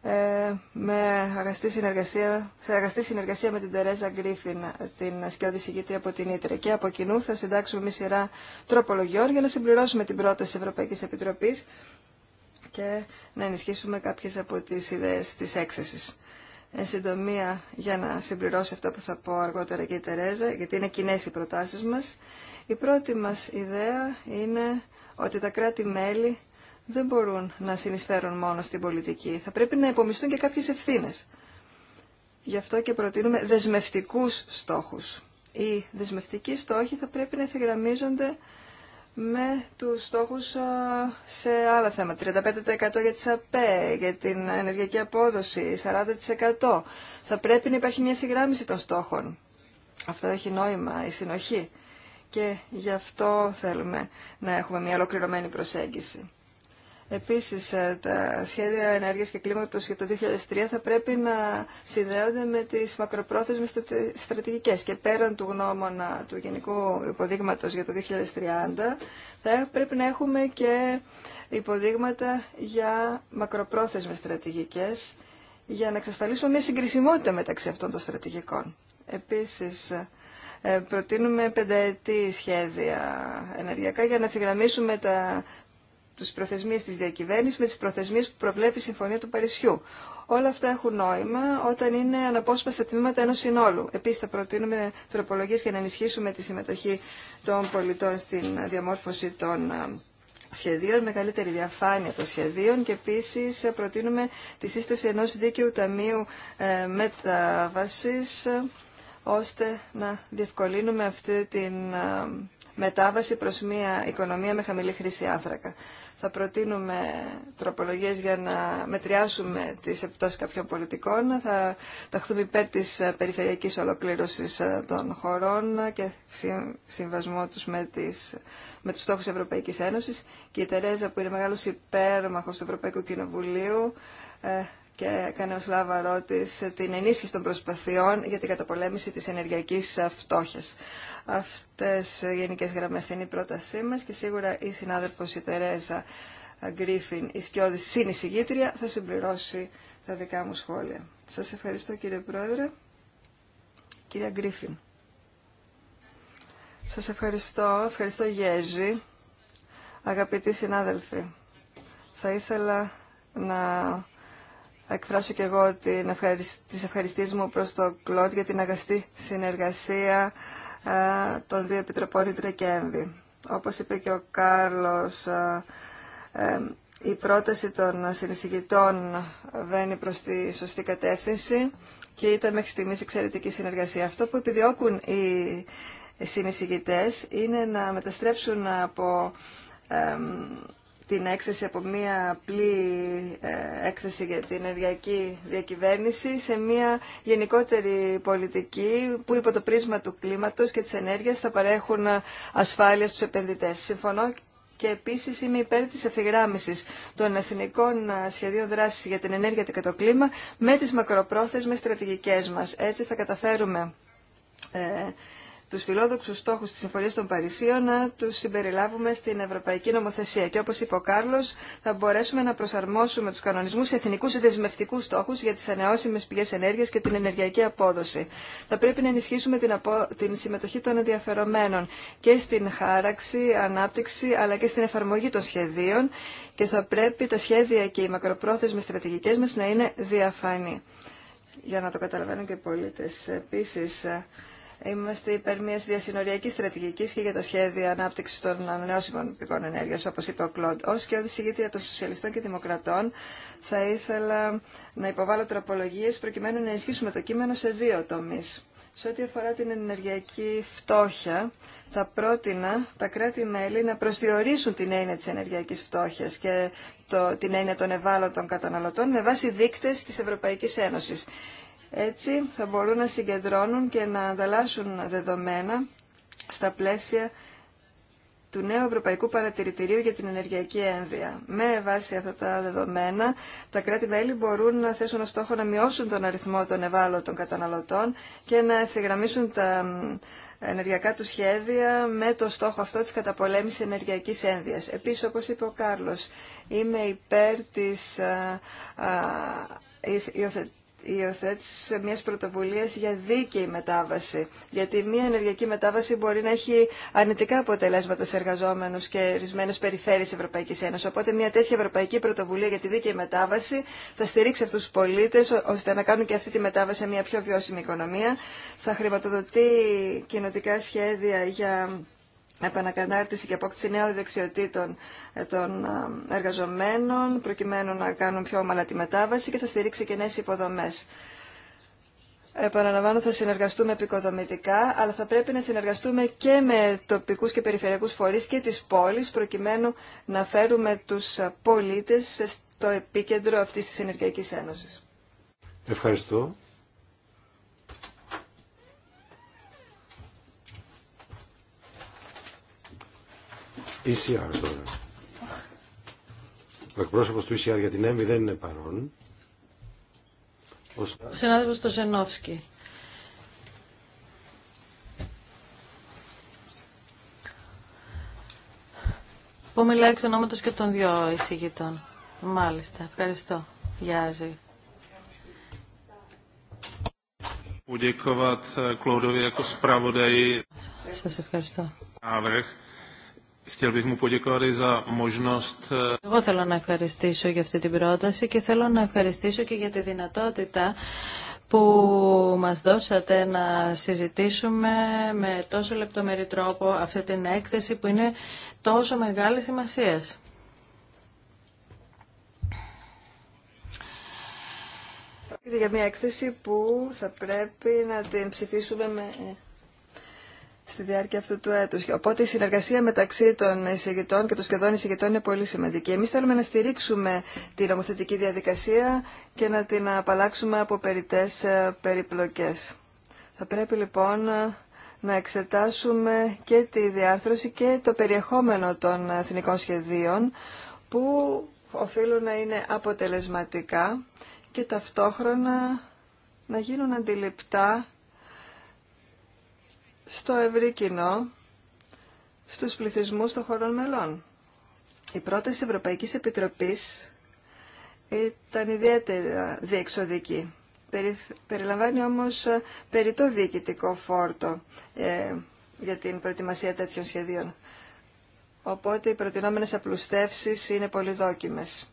ε, με αγαστή συνεργασία, σε αγαστή συνεργασία με την Τερέζα Γκρίφιν, την σκιώδη συγκήτρια από την Ήτρε. Και από κοινού θα συντάξουμε μια σειρά τροπολογιών για να συμπληρώσουμε την πρόταση Ευρωπαϊκής Επιτροπής και να ενισχύσουμε κάποιες από τις ιδέες της έκθεσης. Εν συντομία, για να συμπληρώσω αυτό που θα πω αργότερα και η Τερέζα, γιατί είναι κοινέ οι προτάσεις μας, η πρώτη μας ιδέα είναι ότι τα κράτη-μέλη δεν μπορούν να συνεισφέρουν μόνο στην πολιτική. Θα πρέπει να υπομισθούν και κάποιες ευθύνες. Γι' αυτό και προτείνουμε δεσμευτικούς στόχους. Οι δεσμευτικοί στόχοι θα πρέπει να εθιγραμμίζονται με τους στόχους σε άλλα θέματα. 35% για τις ΑΠΕ, για την ενεργειακή απόδοση, 40%. Θα πρέπει να υπάρχει μια ευθυγράμμιση των στόχων. Αυτό έχει νόημα, η συνοχή. Και γι' αυτό θέλουμε να έχουμε μια ολοκληρωμένη προσέγγιση. Επίσης, ε, τα σχέδια ενέργειας και κλίματος για το 2003 θα πρέπει να συνδέονται με τις μακροπρόθεσμες στρατηγικές και πέραν του γνώμονα του Γενικού Υποδείγματος για το 2030 θα πρέπει να έχουμε και υποδείγματα για μακροπρόθεσμες στρατηγικές για να εξασφαλίσουμε μια συγκρισιμότητα μεταξύ αυτών των στρατηγικών. Επίσης, ε, προτείνουμε πενταετή σχέδια ενεργειακά για να θυγραμμίσουμε τα τους προθεσμίες της διακυβέρνησης με τις προθεσμίες που προβλέπει η Συμφωνία του Παρισιού. Όλα αυτά έχουν νόημα όταν είναι αναπόσπαστα τμήματα ενός συνόλου. Επίσης θα προτείνουμε τροπολογίες για να ενισχύσουμε τη συμμετοχή των πολιτών στην διαμόρφωση των σχεδίων, μεγαλύτερη διαφάνεια των σχεδίων και επίσης προτείνουμε τη σύσταση ενός δίκαιου ταμείου ε, μεταβασής ε, ώστε να διευκολύνουμε αυτή την μετάβαση προς μια οικονομία με χαμηλή χρήση άνθρακα. Θα προτείνουμε τροπολογίες για να μετριάσουμε τις επιπτώσεις κάποιων πολιτικών. Θα ταχθούμε υπέρ της περιφερειακής ολοκλήρωσης ε, των χωρών και συμβασμό τους με, τις, με τους στόχους Ευρωπαϊκής Ένωσης. Και η Τερέζα που είναι μεγάλος υπέρμαχος του Ευρωπαϊκού Κοινοβουλίου ε, και έκανε ως λάβαρό της την ενίσχυση των προσπαθειών για την καταπολέμηση της ενεργειακής φτώχειας. Αυτές οι γενικές γραμμές είναι η πρότασή μας και σίγουρα η συνάδελφος η Τερέζα Γκρίφιν, η σκιώδη συνεισηγήτρια, θα συμπληρώσει τα δικά μου σχόλια. Σας ευχαριστώ κύριε Πρόεδρε. Κύριε Γκρίφιν. Σας ευχαριστώ. Ευχαριστώ Γέζη. Αγαπητοί συνάδελφοι, θα ήθελα να εκφράσω και εγώ την ευχαρισ... τις ευχαριστίες μου προς τον Κλοντ για την αγαστή συνεργασία ε, των δύο επιτροπών Ιτρεκέμβη. Όπως είπε και ο Κάρλος, ε, ε, η πρόταση των συνεισηγητών βαίνει προς τη σωστή κατεύθυνση και ήταν μέχρι στιγμής εξαιρετική συνεργασία. Αυτό που επιδιώκουν οι συνεισηγητές είναι να μεταστρέψουν από την έκθεση από μία απλή ε, έκθεση για την ενεργειακή διακυβέρνηση σε μία γενικότερη πολιτική που υπό το πρίσμα του κλίματος και της ενέργειας θα παρέχουν ασφάλεια στους επενδυτές. Συμφωνώ και επίσης είμαι υπέρ της ευθυγράμμισης των εθνικών ε, σχεδίων δράσης για την ενέργεια και το κλίμα με τις μακροπρόθεσμες στρατηγικές μας. Έτσι θα καταφέρουμε ε, τους φιλόδοξους στόχους της Συμφωνίας των Παρισίων να τους συμπεριλάβουμε στην Ευρωπαϊκή Νομοθεσία. Και όπως είπε ο Κάρλος, θα μπορέσουμε να προσαρμόσουμε τους κανονισμούς σε εθνικούς δεσμευτικούς στόχους για τις ανεώσιμες πηγές ενέργειας και την ενεργειακή απόδοση. Θα πρέπει να ενισχύσουμε την, την συμμετοχή των ενδιαφερομένων και στην χάραξη, ανάπτυξη αλλά και στην εφαρμογή των σχεδίων και θα πρέπει τα σχέδια και οι μακροπρόθεσμες στρατηγικές μας να είναι διαφανή για να το καταλαβαίνουν και οι πολίτες. Επίσης, Είμαστε υπέρ μια διασυνοριακή στρατηγική και για τα σχέδια ανάπτυξη των ανανεώσιμων πηγών ενέργεια, όπω είπε ο Κλοντ. Ω και όδη ηγήτρια των Σοσιαλιστών και Δημοκρατών, θα ήθελα να υποβάλω τροπολογίε προκειμένου να ενισχύσουμε το κείμενο σε δύο τομεί. Σε ό,τι αφορά την ενεργειακή φτώχεια, θα πρότεινα τα κράτη-μέλη να προσδιορίσουν την έννοια της ενεργειακής φτώχειας και το, την έννοια των ευάλωτων καταναλωτών με βάση δείκτες της Ευρωπαϊκής Ένωσης. Έτσι θα μπορούν να συγκεντρώνουν και να ανταλλάσσουν δεδομένα στα πλαίσια του νέου Ευρωπαϊκού Παρατηρητηρίου για την Ενεργειακή Ένδυα. Με βάση αυτά τα δεδομένα, τα κράτη-μέλη μπορούν να θέσουν ως στόχο να μειώσουν τον αριθμό των ευάλωτων καταναλωτών και να ευθυγραμμίσουν τα ενεργειακά του σχέδια με το στόχο αυτό της καταπολέμησης ενεργειακής ένδυας. Επίσης, όπως είπε ο Κάρλος, είμαι υπέρ της α, υιοθέτηση μιας πρωτοβουλίας για δίκαιη μετάβαση. Γιατί μια ενεργειακή μετάβαση μπορεί να έχει αρνητικά αποτελέσματα σε εργαζόμενους και ορισμένε περιφέρειες Ευρωπαϊκής Ένωσης. Οπότε μια τέτοια ευρωπαϊκή πρωτοβουλία για τη δίκαιη μετάβαση θα στηρίξει αυτούς τους πολίτες ώστε να κάνουν και αυτή τη μετάβαση σε μια πιο βιώσιμη οικονομία. Θα χρηματοδοτεί κοινοτικά σχέδια για επανακατάρτιση και απόκτηση νέων δεξιοτήτων ε, των εργαζομένων, προκειμένου να κάνουν πιο ομαλά τη μετάβαση και θα στηρίξει και νέες υποδομές. Επαναλαμβάνω, θα συνεργαστούμε επικοδομητικά, αλλά θα πρέπει να συνεργαστούμε και με τοπικούς και περιφερειακούς φορείς και τις πόλεις, προκειμένου να φέρουμε τους πολίτες στο επίκεντρο αυτής της Ενεργειακής Ένωσης. Ευχαριστώ. ECR τώρα. Ο εκπρόσωπο του ECR για την ΕΜΒΗ δεν είναι παρόν. Ο συνάδελφο του Ζενόφσκι. Που μιλάει εκ ονόματο και των δυο εισηγητών. Μάλιστα. Ευχαριστώ. Γιάζη. Eh, Σας ευχαριστώ. Eh, Εγώ θέλω να ευχαριστήσω για αυτή την πρόταση και θέλω να ευχαριστήσω και για τη δυνατότητα που μας δώσατε να συζητήσουμε με τόσο λεπτομερή τρόπο αυτή την έκθεση που είναι τόσο μεγάλη σημασία. για μια έκθεση που θα πρέπει να την ψηφίσουμε με στη διάρκεια αυτού του έτους. Οπότε η συνεργασία μεταξύ των εισηγητών και των σχεδόν εισηγητών είναι πολύ σημαντική. Εμείς θέλουμε να στηρίξουμε τη νομοθετική διαδικασία και να την απαλλάξουμε από περιτέ ε, περιπλοκές. Θα πρέπει λοιπόν να εξετάσουμε και τη διάρθρωση και το περιεχόμενο των εθνικών σχεδίων που οφείλουν να είναι αποτελεσματικά και ταυτόχρονα να γίνουν αντιληπτά στο ευρύ κοινό, στους πληθυσμούς των χωρών μελών. Η πρόταση Ευρωπαϊκής Επιτροπής ήταν ιδιαίτερα διεξοδική. Περιλαμβάνει όμως ε, περιττό διοικητικό φόρτο ε, για την προετοιμασία τέτοιων σχεδίων. Οπότε οι προτινόμενες απλουστεύσεις είναι πολυδόκιμες.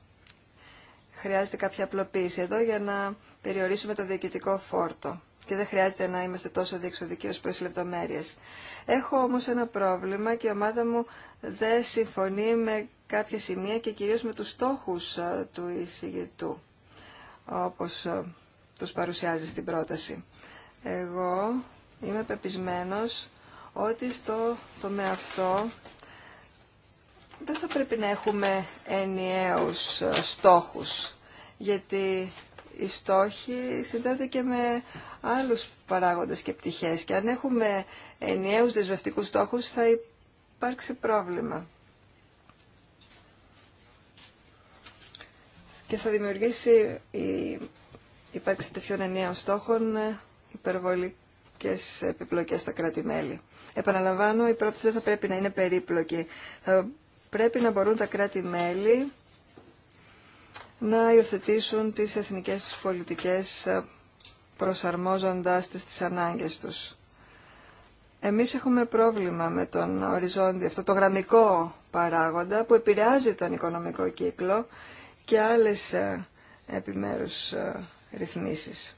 Χρειάζεται κάποια απλοποίηση εδώ για να περιορίσουμε το διοικητικό φόρτο και δεν χρειάζεται να είμαστε τόσο διεξοδικοί ως προς λεπτομέρειες. Έχω όμως ένα πρόβλημα και η ομάδα μου δεν συμφωνεί με κάποια σημεία και κυρίως με τους στόχους του εισηγητού, όπως τους παρουσιάζει στην πρόταση. Εγώ είμαι πεπισμένος ότι στο με αυτό δεν θα πρέπει να έχουμε ενιαίους στόχους, γιατί οι στόχοι συνδέονται και με άλλους παράγοντες και πτυχές και αν έχουμε ενιαίους δεσμευτικούς στόχους θα υπάρξει πρόβλημα. Και θα δημιουργήσει η υπάρξη τέτοιων ενιαίων στόχων υπερβολικές επιπλοκές στα κράτη-μέλη. Επαναλαμβάνω, η πρόταση δεν θα πρέπει να είναι περίπλοκη. Θα πρέπει να μπορούν τα κράτη-μέλη να υιοθετήσουν τις εθνικές τους πολιτικές προσαρμόζοντάς τις τις ανάγκες τους. Εμείς έχουμε πρόβλημα με τον οριζόντιο, αυτό το γραμμικό παράγοντα που επηρεάζει τον οικονομικό κύκλο και άλλες ε, επιμέρους ε, ρυθμίσεις.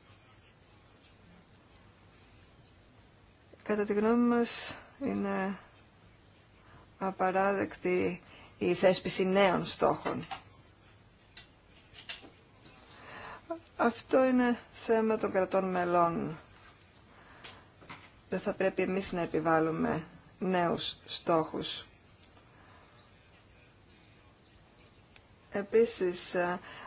Κατά τη γνώμη μας είναι απαράδεκτη η θέσπιση νέων στόχων. Αυτό είναι θέμα των κρατών μελών. Δεν θα πρέπει εμείς να επιβάλλουμε νέους στόχους. Επίσης,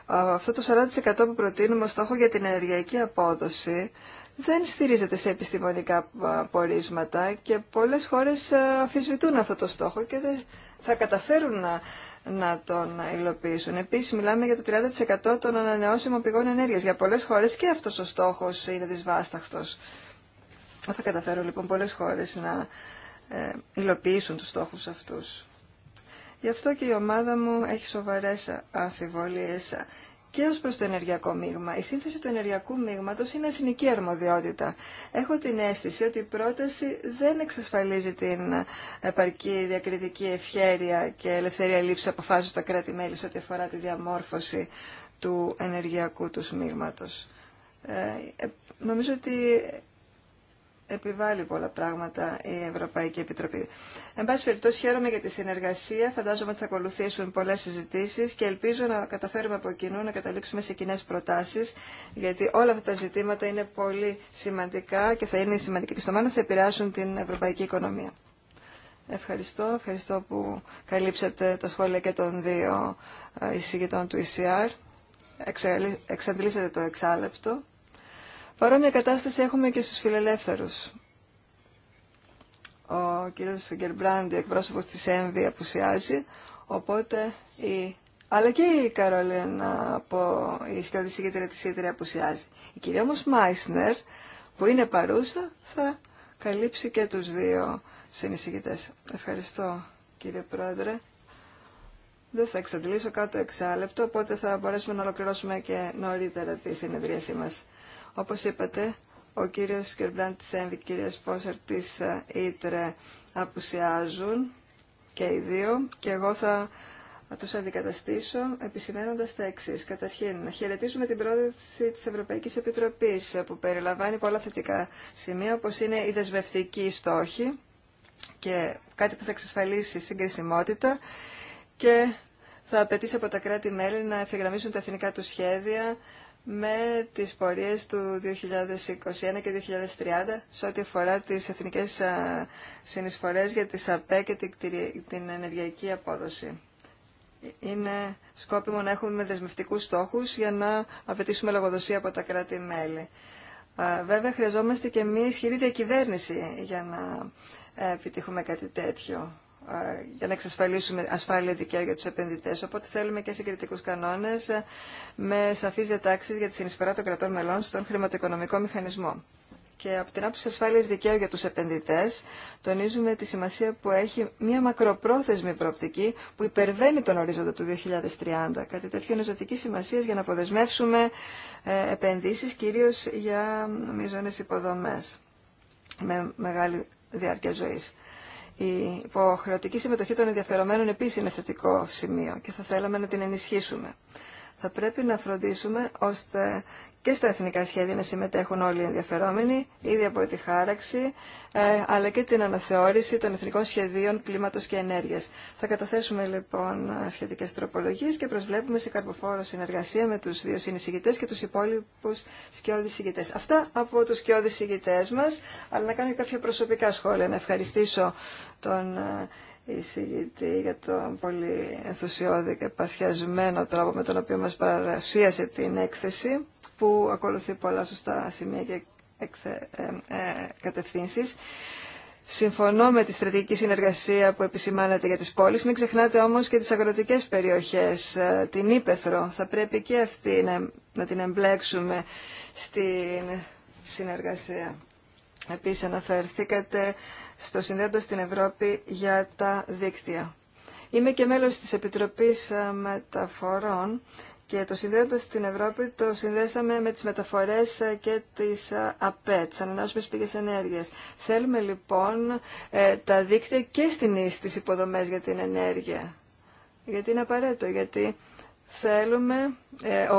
αυτό το 40% που προτείνουμε ως στόχο για την ενεργειακή απόδοση δεν στηρίζεται σε επιστημονικά πορίσματα και πολλές χώρες αφισβητούν αυτό το στόχο και θα καταφέρουν να να τον υλοποιήσουν. Επίσης μιλάμε για το 30% των ανανεώσιμων πηγών ενέργεια. Για πολλές χώρε και αυτός ο στόχος είναι δυσβάσταχτος. Θα καταφέρω λοιπόν πολλές χώρε να ε, υλοποιήσουν τους στόχους αυτούς. Γι' αυτό και η ομάδα μου έχει σοβαρές αμφιβολίες και ως προς το ενεργειακό μείγμα. Η σύνθεση του ενεργειακού μείγματος είναι εθνική αρμοδιότητα. Έχω την αίσθηση ότι η πρόταση δεν εξασφαλίζει την επαρκή διακριτική ευχέρεια και ελευθερία λήψη αποφάσεων στα κράτη-μέλη σε ό,τι αφορά τη διαμόρφωση του ενεργειακού του μείγματος. Ε, ε, νομίζω ότι επιβάλλει πολλά πράγματα η Ευρωπαϊκή Επιτροπή. Εν πάση περιπτώσει, χαίρομαι για τη συνεργασία. Φαντάζομαι ότι θα ακολουθήσουν πολλέ συζητήσει και ελπίζω να καταφέρουμε από κοινού να καταλήξουμε σε κοινέ προτάσει, γιατί όλα αυτά τα ζητήματα είναι πολύ σημαντικά και θα είναι σημαντικά και στο μέλλον θα επηρεάσουν την ευρωπαϊκή οικονομία. Ευχαριστώ. Ευχαριστώ που καλύψατε τα σχόλια και των δύο ε, εισηγητών του ECR. Εξαντλήσατε το εξάλεπτο. Παρόμοια κατάσταση έχουμε και στους φιλελεύθερους. Ο κύριος Γκερμπράντι, εκπρόσωπος της ΕΜΒΗ, απουσιάζει, οπότε η... Αλλά και η Καρολίνα από η και τη σύντρια, απουσιάζει. Η κυρία όμως Μάισνερ, που είναι παρούσα, θα καλύψει και τους δύο συνεισηγητές. Ευχαριστώ κύριε Πρόεδρε. Δεν θα εξαντλήσω κάτω εξάλεπτο, οπότε θα μπορέσουμε να ολοκληρώσουμε και νωρίτερα τη συνεδρίασή μας. Όπως είπατε, ο κύριος Κερμπράν της ΕΜΒ και η κυρία Σπόσερ της ε, Ήτρε απουσιάζουν και οι δύο και εγώ θα τους αντικαταστήσω επισημένοντας τα εξή. Καταρχήν, να χαιρετήσουμε την πρόταση της Ευρωπαϊκής Επιτροπής που περιλαμβάνει πολλά θετικά σημεία όπως είναι η δεσμευτική στόχη και κάτι που θα εξασφαλίσει συγκρισιμότητα και θα απαιτήσει από τα κράτη-μέλη να ευθυγραμμίσουν τα εθνικά του σχέδια με τις πορείες του 2021 και 2030 σε ό,τι αφορά τις εθνικές συνεισφορές για τις ΑΠΕ και την ενεργειακή απόδοση. Είναι σκόπιμο να έχουμε δεσμευτικούς στόχους για να απαιτήσουμε λογοδοσία από τα κράτη-μέλη. Βέβαια, χρειαζόμαστε και μια ισχυρή διακυβέρνηση για να ε, επιτύχουμε κάτι τέτοιο. Ε, για να εξασφαλίσουμε ασφάλεια δικαίου για του επενδυτέ, Οπότε θέλουμε και συγκριτικού κανόνε ε, με σαφεί διατάξει για τη συνεισφορά των κρατών μελών στον χρηματοοικονομικό μηχανισμό. Και από την άποψη ασφάλεια δικαίου για του επενδυτέ, τονίζουμε τη σημασία που έχει μια μακροπρόθεσμη προοπτική που υπερβαίνει τον ορίζοντα του 2030. Κάτι τέτοιο είναι ζωτική σημασία για να αποδεσμεύσουμε ε, επενδύσει κυρίω για μείζονες υποδομέ με μεγάλη διάρκεια ζωή. Η υποχρεωτική συμμετοχή των ενδιαφερομένων επίσης είναι θετικό σημείο και θα θέλαμε να την ενισχύσουμε. Θα πρέπει να φροντίσουμε ώστε και στα εθνικά σχέδια να συμμετέχουν όλοι οι ενδιαφερόμενοι, ήδη από τη χάραξη, ε, αλλά και την αναθεώρηση των εθνικών σχεδίων κλίματος και ενέργειας. Θα καταθέσουμε λοιπόν σχετικές τροπολογίες και προσβλέπουμε σε καρποφόρο συνεργασία με τους δύο συνεισηγητές και τους υπόλοιπους σκιώδης συγητές. Αυτά από τους σκιώδης συγητές μας, αλλά να κάνω και κάποια προσωπικά σχόλια, να ευχαριστήσω τον ε, εισηγητή για τον πολύ ενθουσιώδη και παθιασμένο τρόπο με τον οποίο μας παρουσίασε την έκθεση που ακολουθεί πολλά σωστά σημεία και εκθε, ε, ε, κατευθύνσεις. Συμφωνώ με τη στρατηγική συνεργασία που επισημάνατε για τις πόλεις. Μην ξεχνάτε όμως και τις αγροτικές περιοχές, ε, την Ήπεθρο. Θα πρέπει και αυτή να, να την εμπλέξουμε στην συνεργασία. Επίσης αναφερθήκατε στο συνδέοντο στην Ευρώπη για τα δίκτυα. Είμαι και μέλος της Επιτροπής Μεταφορών και το συνδέοντα στην Ευρώπη το συνδέσαμε με τις μεταφορές ε, και τις ε, ΑΠΕ, τις ανανάσιμες πηγές ενέργειας. Θέλουμε λοιπόν ε, τα δίκτυα και στις υποδομές για την ενέργεια. Γιατί είναι απαραίτητο, γιατί θέλουμε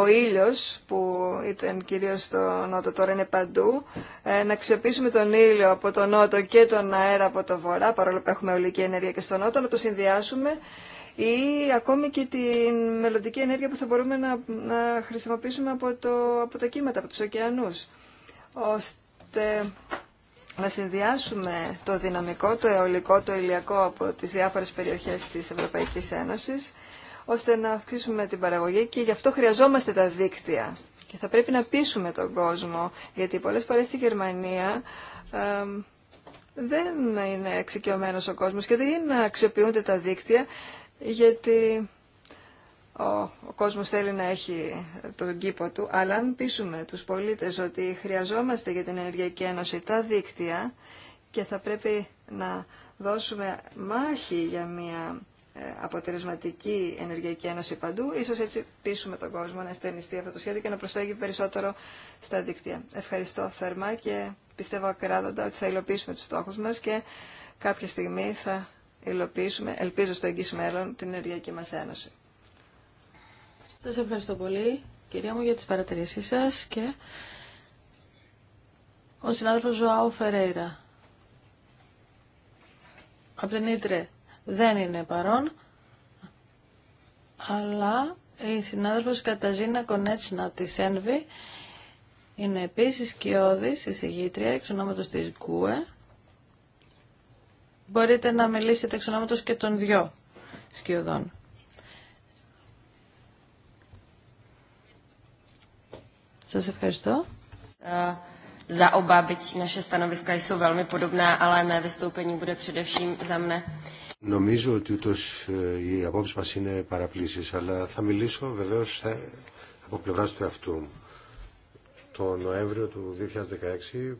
ο ήλιος που ήταν κυρίως στο νότο τώρα είναι παντού να αξιοποιήσουμε τον ήλιο από τον νότο και τον αέρα από το βορρά παρόλο που έχουμε ολική ενέργεια και στο νότο να το συνδυάσουμε ή ακόμη και την μελλοντική ενέργεια που θα μπορούμε να, να χρησιμοποιήσουμε από, το, από τα κύματα, από τους ωκεανούς, ώστε να συνδυάσουμε το δυναμικό, το αιωλικό, το ηλιακό από τις διάφορες περιοχές της Ευρωπαϊκής Ένωσης, ώστε να αυξήσουμε την παραγωγή και γι' αυτό χρειαζόμαστε τα δίκτυα. Και θα πρέπει να πείσουμε τον κόσμο, γιατί πολλές φορές στη Γερμανία ε, δεν είναι εξοικειωμένος ο κόσμος και δεν αξιοποιούνται τα δίκτυα γιατί ο, ο κόσμος θέλει να έχει τον κήπο του, αλλά αν πείσουμε τους πολίτες ότι χρειαζόμαστε για την Ενεργειακή Ένωση τα δίκτυα και θα πρέπει να δώσουμε μάχη για μια ε, αποτελεσματική ενεργειακή ένωση παντού, ίσως έτσι πείσουμε τον κόσμο να στενιστεί αυτό το σχέδιο και να προσφέρει περισσότερο στα δίκτυα. Ευχαριστώ θερμά και πιστεύω ακράδοντα ότι θα υλοποιήσουμε τους στόχους μας και κάποια στιγμή θα υλοποιήσουμε, ελπίζω στο εγγύς μέλλον, την ενεργειακή μας ένωση. Σας ευχαριστώ πολύ, κυρία μου, για τις παρατηρήσεις σας και ο συνάδελφος Ζωάου Φερέιρα. Από την Ήτρε δεν είναι παρόν, αλλά η συνάδελφος Καταζίνα Κονέτσινα της ΕΝΒΗ είναι επίσης κοιόδης εισηγήτρια, εξ ονόματος της ΓΚΟΕ μπορείτε να μιλήσετε εξ ονόματος και των δυο σκιωδών. Σας ευχαριστώ. Νομίζω ότι ούτως οι ε, απόψεις μας είναι παραπλήσει, αλλά θα μιλήσω βεβαίως ε, από πλευράς του εαυτού το Νοέμβριο του 2016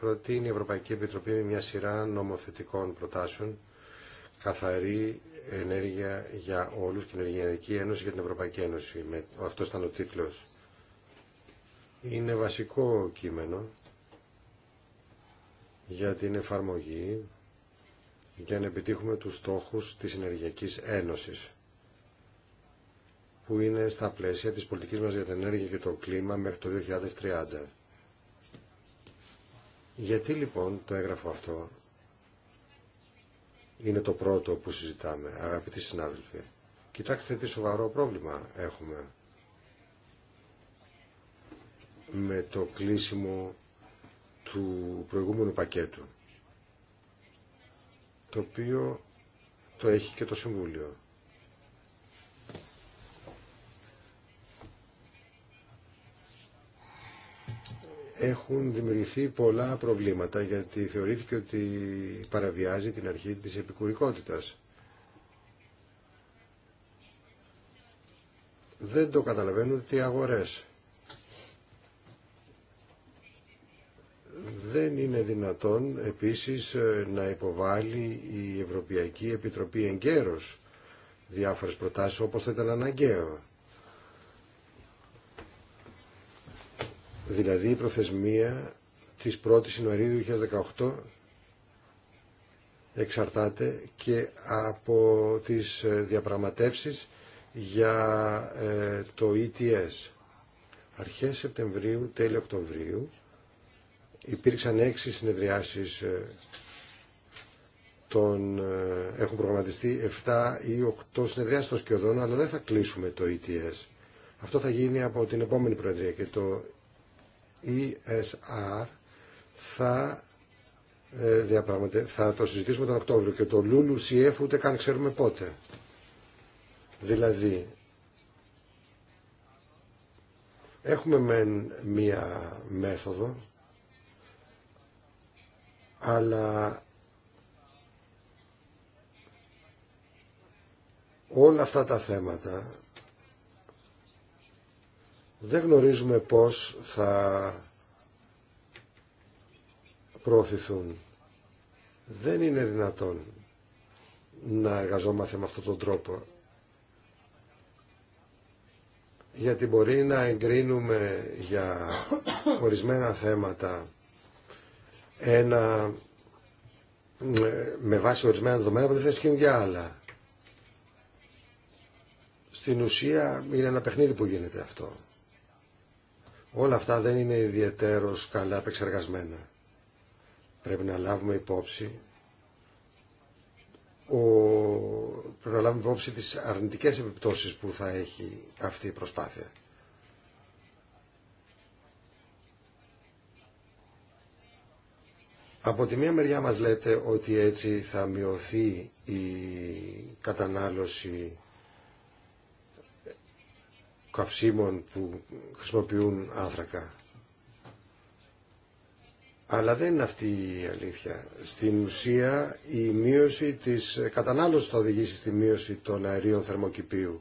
προτείνει η Ευρωπαϊκή Επιτροπή μια σειρά νομοθετικών προτάσεων καθαρή ενέργεια για όλους και ενεργειακή ένωση για την Ευρωπαϊκή Ένωση. Αυτό ήταν ο τίτλος. Είναι βασικό κείμενο για την εφαρμογή για να επιτύχουμε τους στόχους της Ενεργειακής Ένωσης που είναι στα πλαίσια της πολιτικής μας για την ενέργεια και το κλίμα μέχρι το 2030. Γιατί λοιπόν το έγγραφο αυτό είναι το πρώτο που συζητάμε, αγαπητοί συνάδελφοι. Κοιτάξτε τι σοβαρό πρόβλημα έχουμε με το κλείσιμο του προηγούμενου πακέτου, το οποίο το έχει και το Συμβούλιο. έχουν δημιουργηθεί πολλά προβλήματα γιατί θεωρήθηκε ότι παραβιάζει την αρχή της επικουρικότητας. Δεν το καταλαβαίνουν τι οι αγορές. Δεν είναι δυνατόν επίσης να υποβάλει η Ευρωπαϊκή Επιτροπή εγκαίρως διάφορες προτάσεις όπως θα ήταν αναγκαίο. δηλαδή η προθεσμία της 1ης Ιανουαρίου 2018 εξαρτάται και από τις ε, διαπραγματεύσεις για ε, το ETS. Αρχές Σεπτεμβρίου, τέλη Οκτωβρίου υπήρξαν έξι συνεδριάσεις ε, των, έχουν προγραμματιστεί 7 ή 8 συνεδριάσεις στο σκιωδών, αλλά δεν θα κλείσουμε το ETS. Αυτό θα γίνει από την επόμενη Προεδρία και το ESR θα, ε, θα το συζητήσουμε τον Οκτώβριο και το Λούλου CF ούτε καν ξέρουμε πότε. Δηλαδή, έχουμε μεν μία μέθοδο, αλλά όλα αυτά τα θέματα δεν γνωρίζουμε πώς θα προωθηθούν. Δεν είναι δυνατόν να εργαζόμαστε με αυτόν τον τρόπο. Γιατί μπορεί να εγκρίνουμε για ορισμένα θέματα ένα, με βάση ορισμένα δεδομένα που δεν θα για άλλα. Στην ουσία είναι ένα παιχνίδι που γίνεται αυτό. Όλα αυτά δεν είναι ιδιαίτερως καλά επεξεργασμένα. Πρέπει να λάβουμε υπόψη ο, πρέπει να λάβουμε υπόψη τις αρνητικές επιπτώσεις που θα έχει αυτή η προσπάθεια. Από τη μία μεριά μας λέτε ότι έτσι θα μειωθεί η κατανάλωση καυσίμων που χρησιμοποιούν άνθρακα. Αλλά δεν είναι αυτή η αλήθεια. Στην ουσία η μείωση της κατανάλωσης θα οδηγήσει στη μείωση των αερίων θερμοκηπίου.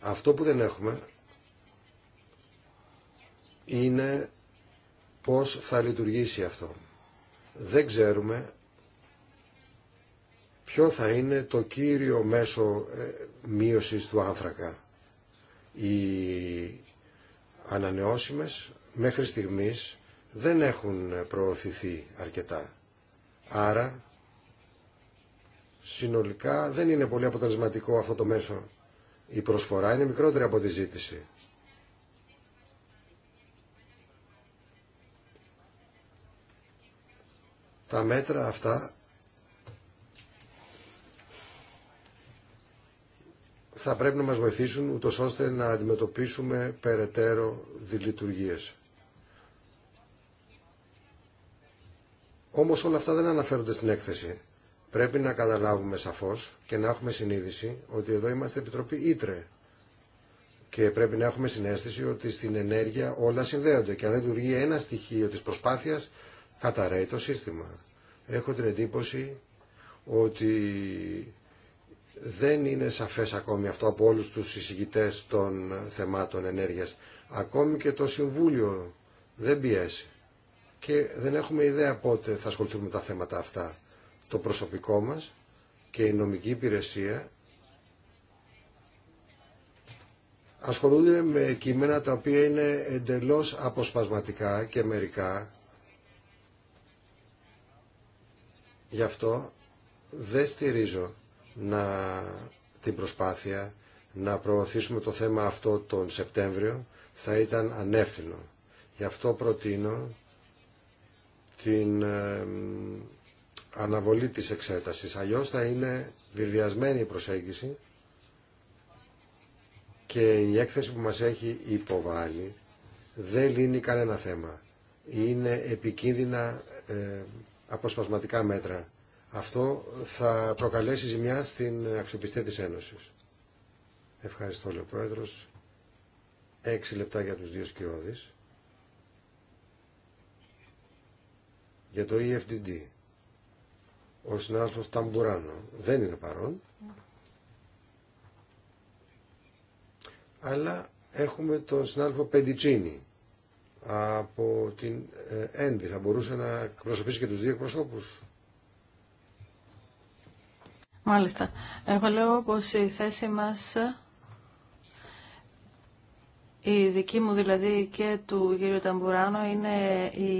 Αυτό που δεν έχουμε είναι πώς θα λειτουργήσει αυτό. Δεν ξέρουμε ποιο θα είναι το κύριο μέσο ε, μείωσης του άνθρακα. Οι ανανεώσιμες μέχρι στιγμής δεν έχουν προωθηθεί αρκετά. Άρα, συνολικά δεν είναι πολύ αποτελεσματικό αυτό το μέσο. Η προσφορά είναι μικρότερη από τη ζήτηση. Τα μέτρα αυτά θα πρέπει να μας βοηθήσουν ούτως ώστε να αντιμετωπίσουμε περαιτέρω δηλειτουργίες. Όμως όλα αυτά δεν αναφέρονται στην έκθεση. Πρέπει να καταλάβουμε σαφώς και να έχουμε συνείδηση ότι εδώ είμαστε Επιτροπή Ήτρε και πρέπει να έχουμε συνέστηση ότι στην ενέργεια όλα συνδέονται και αν δεν λειτουργεί ένα στοιχείο της προσπάθειας καταραίει το σύστημα. Έχω την εντύπωση ότι δεν είναι σαφές ακόμη αυτό από όλους τους συζητητές των θεμάτων ενέργειας. Ακόμη και το Συμβούλιο δεν πιέσει. Και δεν έχουμε ιδέα πότε θα ασχοληθούμε τα θέματα αυτά. Το προσωπικό μας και η νομική υπηρεσία ασχολούνται με κείμενα τα οποία είναι εντελώς αποσπασματικά και μερικά. Γι' αυτό δεν στηρίζω να, την προσπάθεια να προωθήσουμε το θέμα αυτό τον Σεπτέμβριο θα ήταν ανεύθυνο. Γι' αυτό προτείνω την αναβολή της εξέτασης. Αλλιώς θα είναι βιβλιασμένη η προσέγγιση και η έκθεση που μας έχει υποβάλει δεν λύνει κανένα θέμα. Είναι επικίνδυνα ε, αποσπασματικά μέτρα αυτό θα προκαλέσει ζημιά στην αξιοπιστία της Ένωσης. Ευχαριστώ, λέει Πρόεδρος. Έξι λεπτά για τους δύο σκιώδεις. Για το EFDD. Ο συνάδελφος Ταμπουράνο δεν είναι παρόν. Αλλά έχουμε τον συνάδελφο Πεντιτσίνη από την Ένβη. Ε, θα μπορούσε να εκπροσωπήσει και τους δύο εκπροσώπους. Μάλιστα. Εγώ λέω πως η θέση μας η δική μου δηλαδή και του κύριου Ταμπουράνο είναι η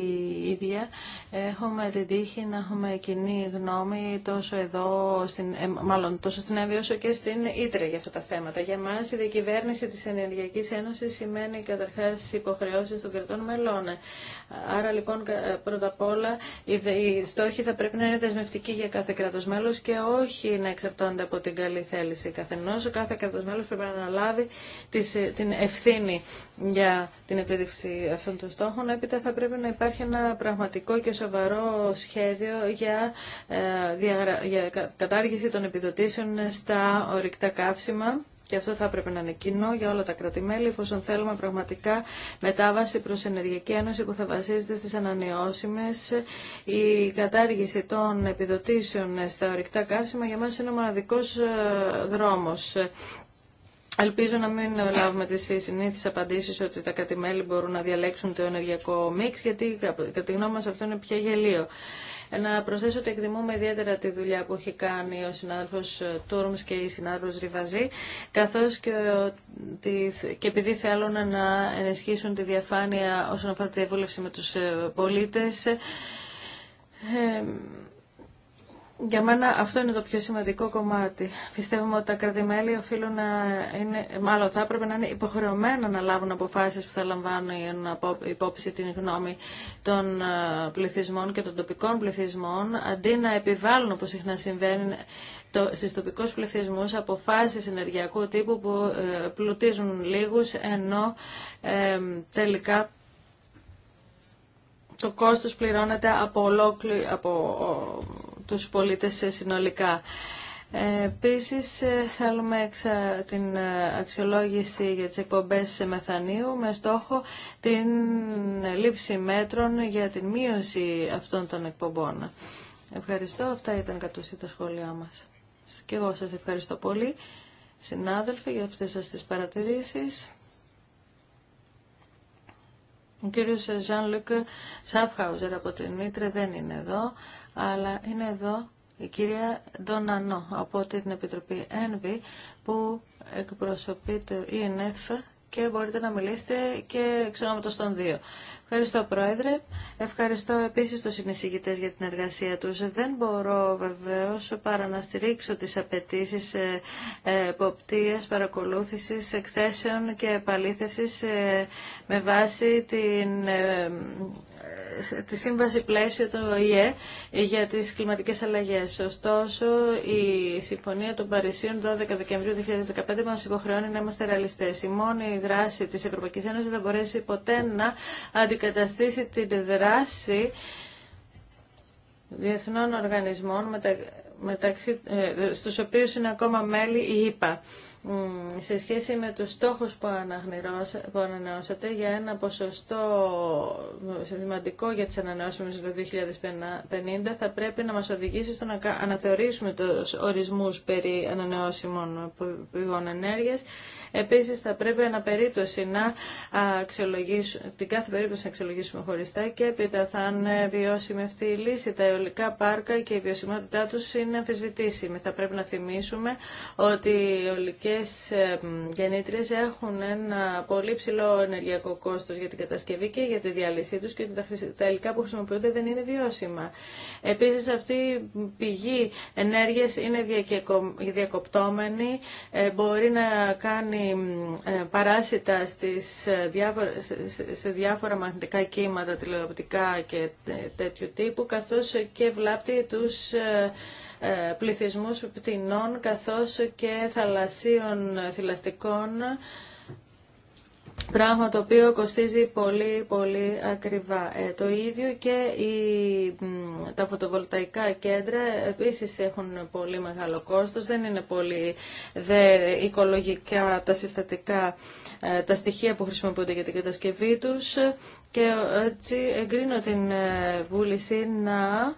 ίδια. Έχουμε την τύχη να έχουμε κοινή γνώμη τόσο εδώ, στην, ε, μάλλον τόσο στην ΕΒ όσο και στην Ήτρε για αυτά τα θέματα. Για μας η διακυβέρνηση της Ενεργειακής Ένωσης σημαίνει καταρχάς υποχρεώσεις των κρατών μελών. Άρα λοιπόν πρώτα απ' όλα οι στόχοι θα πρέπει να είναι δεσμευτικοί για κάθε κράτος μέλος και όχι να εξαρτώνται από την καλή θέληση καθενός. κάθε κράτος πρέπει να αναλάβει ε, την ευθύνη για την επίδειξη αυτών των στόχων. Έπειτα θα πρέπει να υπάρχει ένα πραγματικό και σοβαρό σχέδιο για, ε, για κατάργηση των επιδοτήσεων στα ορυκτά καύσιμα. Και αυτό θα έπρεπε να είναι κοινό για όλα τα κρατημέλη, εφόσον θέλουμε πραγματικά μετάβαση προ Ενεργειακή Ένωση που θα βασίζεται στι ανανεώσιμε. Η κατάργηση των επιδοτήσεων στα ορυκτά καύσιμα για μα είναι ο μοναδικό ε, δρόμο. Ελπίζω να μην λάβουμε τις συνήθεις απαντήσεις ότι τα κατημέλη μπορούν να διαλέξουν το ενεργειακό μίξ, γιατί κατά τη γνώμη μας αυτό είναι πια γελίο. Να προσθέσω ότι εκτιμούμε ιδιαίτερα τη δουλειά που έχει κάνει ο συνάδελφος Τούρμς και η συνάδελφος Ριβαζή, καθώς και, και επειδή θέλουν να ενισχύσουν τη διαφάνεια όσον αφορά τη διαβούλευση με τους πολίτες, ε, για μένα αυτό είναι το πιο σημαντικό κομμάτι. Πιστεύουμε ότι τα κρατημέλη οφείλουν να είναι, μάλλον θα έπρεπε να είναι υποχρεωμένα να λάβουν αποφάσεις που θα λαμβάνουν υπόψη την γνώμη των ε, πληθυσμών και των τοπικών πληθυσμών, αντί να επιβάλλουν, όπως συχνά συμβαίνει, το, στις τοπικούς πληθυσμούς αποφάσεις ενεργειακού τύπου που ε, πλουτίζουν λίγους, ενώ ε, τελικά το κόστος πληρώνεται από, ολόκλη, από τους πολίτες συνολικά. Ε, Επίση, ε, θέλουμε την ε, αξιολόγηση για τις εκπομπές μεθανίου με στόχο την λήψη μέτρων για την μείωση αυτών των εκπομπών. Ευχαριστώ. Αυτά ήταν κατ' τα σχόλιά μας. Και εγώ σας ευχαριστώ πολύ, συνάδελφοι, για αυτές σας τις παρατηρήσεις. Ο κύριος Ζανλουκ Σαφχάουζερ από την Ήτρε δεν είναι εδώ αλλά είναι εδώ η κυρία Ντονανό από την Επιτροπή ΕΝΒΗ που εκπροσωπεί το ΕΝΕΦ e και μπορείτε να μιλήσετε και εξονόματος των δύο. Ευχαριστώ Πρόεδρε. Ευχαριστώ επίσης τους συνεισηγητές για την εργασία τους. Δεν μπορώ βεβαίως παρά να στηρίξω τις απαιτήσεις ε, ε, εποπτείας, παρακολούθησης, εκθέσεων και επαλήθευσης ε, με βάση την τη σύμβαση πλαίσιο του ΟΗΕ για τις κλιματικές αλλαγές. Ωστόσο, η Συμφωνία των Παρισίων 12 Δεκεμβρίου 2015 μας υποχρεώνει να είμαστε ρεαλιστές. Η μόνη δράση της Ευρωπαϊκής Ένωσης δεν θα μπορέσει ποτέ να αντικαταστήσει την δράση διεθνών οργανισμών μεταξύ, οποίου ε, στους οποίους είναι ακόμα μέλη η ΕΠΑ σε σχέση με τους στόχους που, που ανανεώσατε για ένα ποσοστό σημαντικό για τις ανανεώσιμες το 2050 θα πρέπει να μας οδηγήσει στο να αναθεωρήσουμε τους ορισμούς περί ανανεώσιμων πηγών ενέργειας Επίσης θα πρέπει περίπτωση να αξιολογήσουμε, την κάθε περίπτωση να αξιολογήσουμε χωριστά και έπειτα θα είναι βιώσιμη αυτή η λύση. Τα αιωλικά πάρκα και η βιωσιμότητά τους είναι αμφισβητήσιμη. Θα πρέπει να θυμίσουμε ότι οι αιωλικές ε, γεννήτριες έχουν ένα πολύ ψηλό ενεργειακό κόστος για την κατασκευή και για τη διάλυσή τους και ότι τα υλικά που χρησιμοποιούνται δεν είναι βιώσιμα. Επίσης αυτή η πηγή ενέργειας είναι διακοπτόμενη, ε, μπορεί να κάνει ε, παράσιτα στις ε, διάφορα, σε διάφορα μαγνητικά κύματα, τηλεοπτικά και τέτοιου τύπου, καθώς και βλάπτει τους ε, πληθυσμούς πτηνών καθώς και θαλασσίων θηλαστικών Πράγμα το οποίο κοστίζει πολύ πολύ ακριβά. Ε, το ίδιο και οι, τα φωτοβολταϊκά κέντρα επίσης έχουν πολύ μεγάλο κόστος, δεν είναι πολύ δε, οικολογικά τα συστατικά, ε, τα στοιχεία που χρησιμοποιούνται για την κατασκευή τους και έτσι εγκρίνω την ε, βούληση να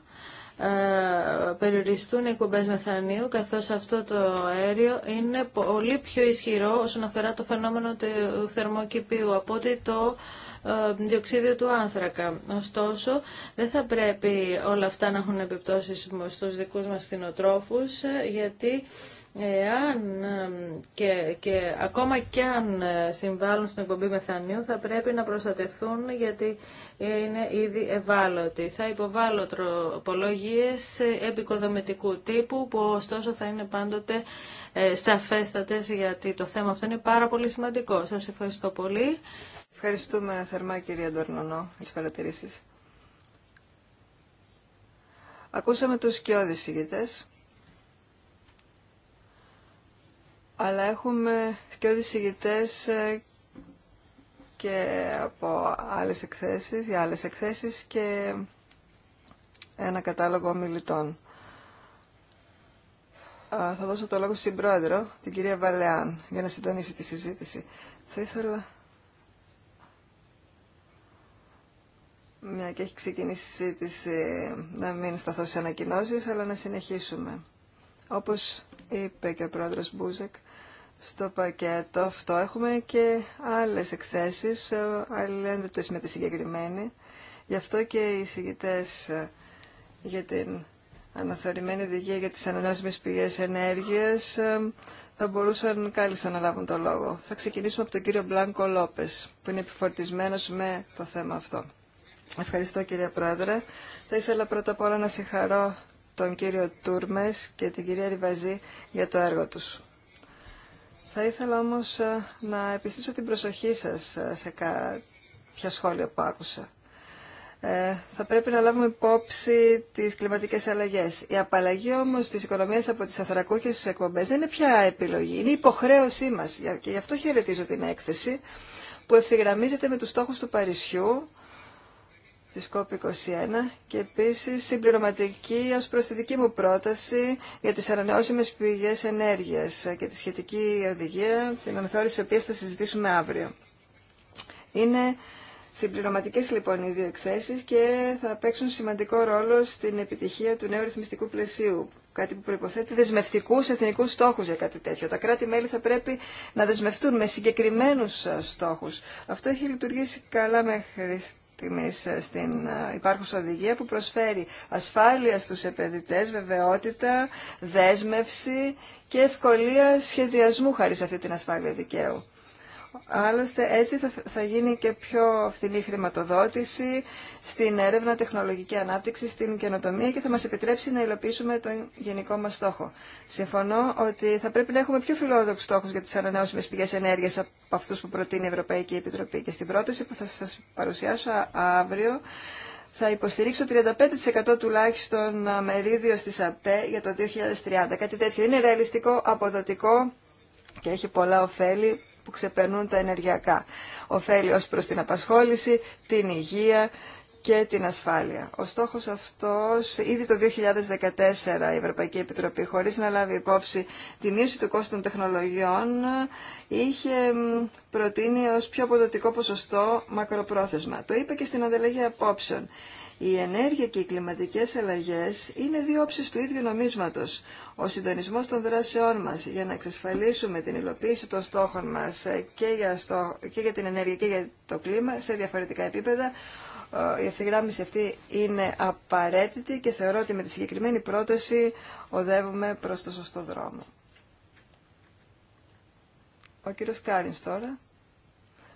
ε, περιοριστούν οι εκπομπές μεθανίου, καθώς αυτό το αέριο είναι πολύ πιο ισχυρό όσον αφορά το φαινόμενο του θερμοκηπίου από ότι το ε, διοξίδιο του άνθρακα. Ωστόσο, δεν θα πρέπει όλα αυτά να έχουν επιπτώσεις στους δικούς μας θυνοτρόφους ε, γιατί Εάν και, και ακόμα και αν ε, συμβάλλουν στην εκπομπή μεθανίου θα πρέπει να προστατευθούν, γιατί είναι ήδη ευάλωτοι. Θα υποβάλω τροπολογίες επικοδομητικού τύπου που ωστόσο θα είναι πάντοτε ε, σαφέστατες γιατί το θέμα αυτό είναι πάρα πολύ σημαντικό. Σας ευχαριστώ πολύ. Ευχαριστούμε θερμά κυρία Ντορνονό τις παρατηρήσεις. Ακούσαμε τους και ηγητές. αλλά έχουμε σκιώδεις ηγητές ε, και από άλλες εκθέσεις, για άλλες εκθέσεις και ένα κατάλογο ομιλητών. Θα δώσω το λόγο στην πρόεδρο, την κυρία Βαλεάν, για να συντονίσει τη συζήτηση. Θα ήθελα... Μια και έχει ξεκινήσει η συζήτηση, να μην σταθώ σε ανακοινώσει, αλλά να συνεχίσουμε. Όπως είπε και ο πρόεδρος Μπούζεκ, στο πακέτο αυτό έχουμε και άλλες εκθέσεις ε, αλληλένδετες με τη συγκεκριμένη. Γι' αυτό και οι συγκητές ε, για την αναθεωρημένη οδηγία για τις ανανεώσιμες πηγές ενέργειας ε, θα μπορούσαν κάλλιστα να λάβουν το λόγο. Θα ξεκινήσουμε από τον κύριο Μπλάνκο Λόπες, που είναι επιφορτισμένος με το θέμα αυτό. Ευχαριστώ κύριε Πρόεδρε. Θα ήθελα πρώτα απ' όλα να συγχαρώ τον κύριο Τούρμες και την κυρία Ριβαζή για το έργο τους. Θα ήθελα όμως ε, να επιστήσω την προσοχή σας ε, σε κάποια σχόλια που άκουσα. Ε, θα πρέπει να λάβουμε υπόψη τις κλιματικές αλλαγές. Η απαλλαγή όμως της οικονομίας από τις αθρακούχες εκπομπές δεν είναι πια επιλογή, είναι υποχρέωσή μας. Και γι' αυτό χαιρετίζω την έκθεση που ευθυγραμμίζεται με τους στόχους του Παρισιού της COP21 και επίσης συμπληρωματική ως προς τη δική μου πρόταση για τις ανανεώσιμες πηγές ενέργειας και τη σχετική οδηγία, την αναθεώρηση τη οποίας θα συζητήσουμε αύριο. Είναι συμπληρωματικές λοιπόν οι δύο εκθέσεις και θα παίξουν σημαντικό ρόλο στην επιτυχία του νέου ρυθμιστικού πλαισίου. Κάτι που προποθέτει δεσμευτικού εθνικού στόχου για κάτι τέτοιο. Τα κράτη-μέλη θα πρέπει να δεσμευτούν με συγκεκριμένου στόχου. Αυτό έχει λειτουργήσει καλά μέχρι ε, στην ε, υπάρχουσα οδηγία που προσφέρει ασφάλεια στους επενδυτές, βεβαιότητα, δέσμευση και ευκολία σχεδιασμού χάρη αυτή την ασφάλεια δικαίου. Άλλωστε έτσι θα, θα γίνει και πιο φθηνή χρηματοδότηση στην έρευνα, τεχνολογική ανάπτυξη, στην καινοτομία και θα μας επιτρέψει να υλοποιήσουμε τον γενικό μας στόχο. Συμφωνώ ότι θα πρέπει να έχουμε πιο φιλόδοξους στόχους για τις ανανεώσιμες πηγές ενέργειας από αυτούς που προτείνει η Ευρωπαϊκή Επιτροπή. Και στην πρόταση που θα σας παρουσιάσω αύριο θα υποστηρίξω 35% τουλάχιστον μερίδιο στις ΑΠΕ για το 2030. Κάτι τέτοιο είναι ρεαλιστικό, αποδοτικό και έχει πολλά ωφέλη που ξεπερνούν τα ενεργειακά. Οφέλη ως προς την απασχόληση, την υγεία και την ασφάλεια. Ο στόχος αυτός, ήδη το 2014 η Ευρωπαϊκή Επιτροπή, χωρίς να λάβει υπόψη τη μείωση του κόστου των τεχνολογιών, είχε προτείνει ως πιο αποδοτικό ποσοστό μακροπρόθεσμα. Το είπε και στην ανταλλαγή απόψεων. Η ενέργεια και οι κλιματικές αλλαγές είναι δύο όψεις του ίδιου νομίσματος. Ο συντονισμός των δράσεών μας για να εξασφαλίσουμε την υλοποίηση των στόχων μας και για, στο, και για την ενέργεια και για το κλίμα σε διαφορετικά επίπεδα, ε, η ευθυγράμμιση αυτή είναι απαραίτητη και θεωρώ ότι με τη συγκεκριμένη πρόταση οδεύουμε προς το σωστό δρόμο. Ο κύριος Κάρινς τώρα,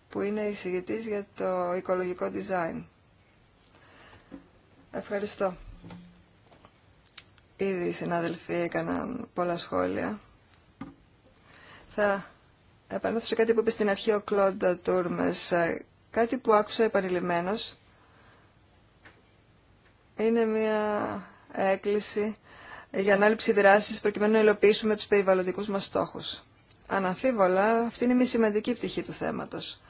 που είναι εισηγητής για το οικολογικό design. Ευχαριστώ. Ήδη οι συνάδελφοι έκαναν πολλά σχόλια. Θα επανέλθω σε κάτι που είπε στην αρχή ο Κλόντα Τούρμες. Ε, κάτι που άκουσα επανειλημμένος είναι μια έκκληση για ανάληψη δράσης προκειμένου να υλοποιήσουμε τους περιβαλλοντικούς μας στόχους. Αναμφίβολα, αυτή είναι μια σημαντική πτυχή του θέματος.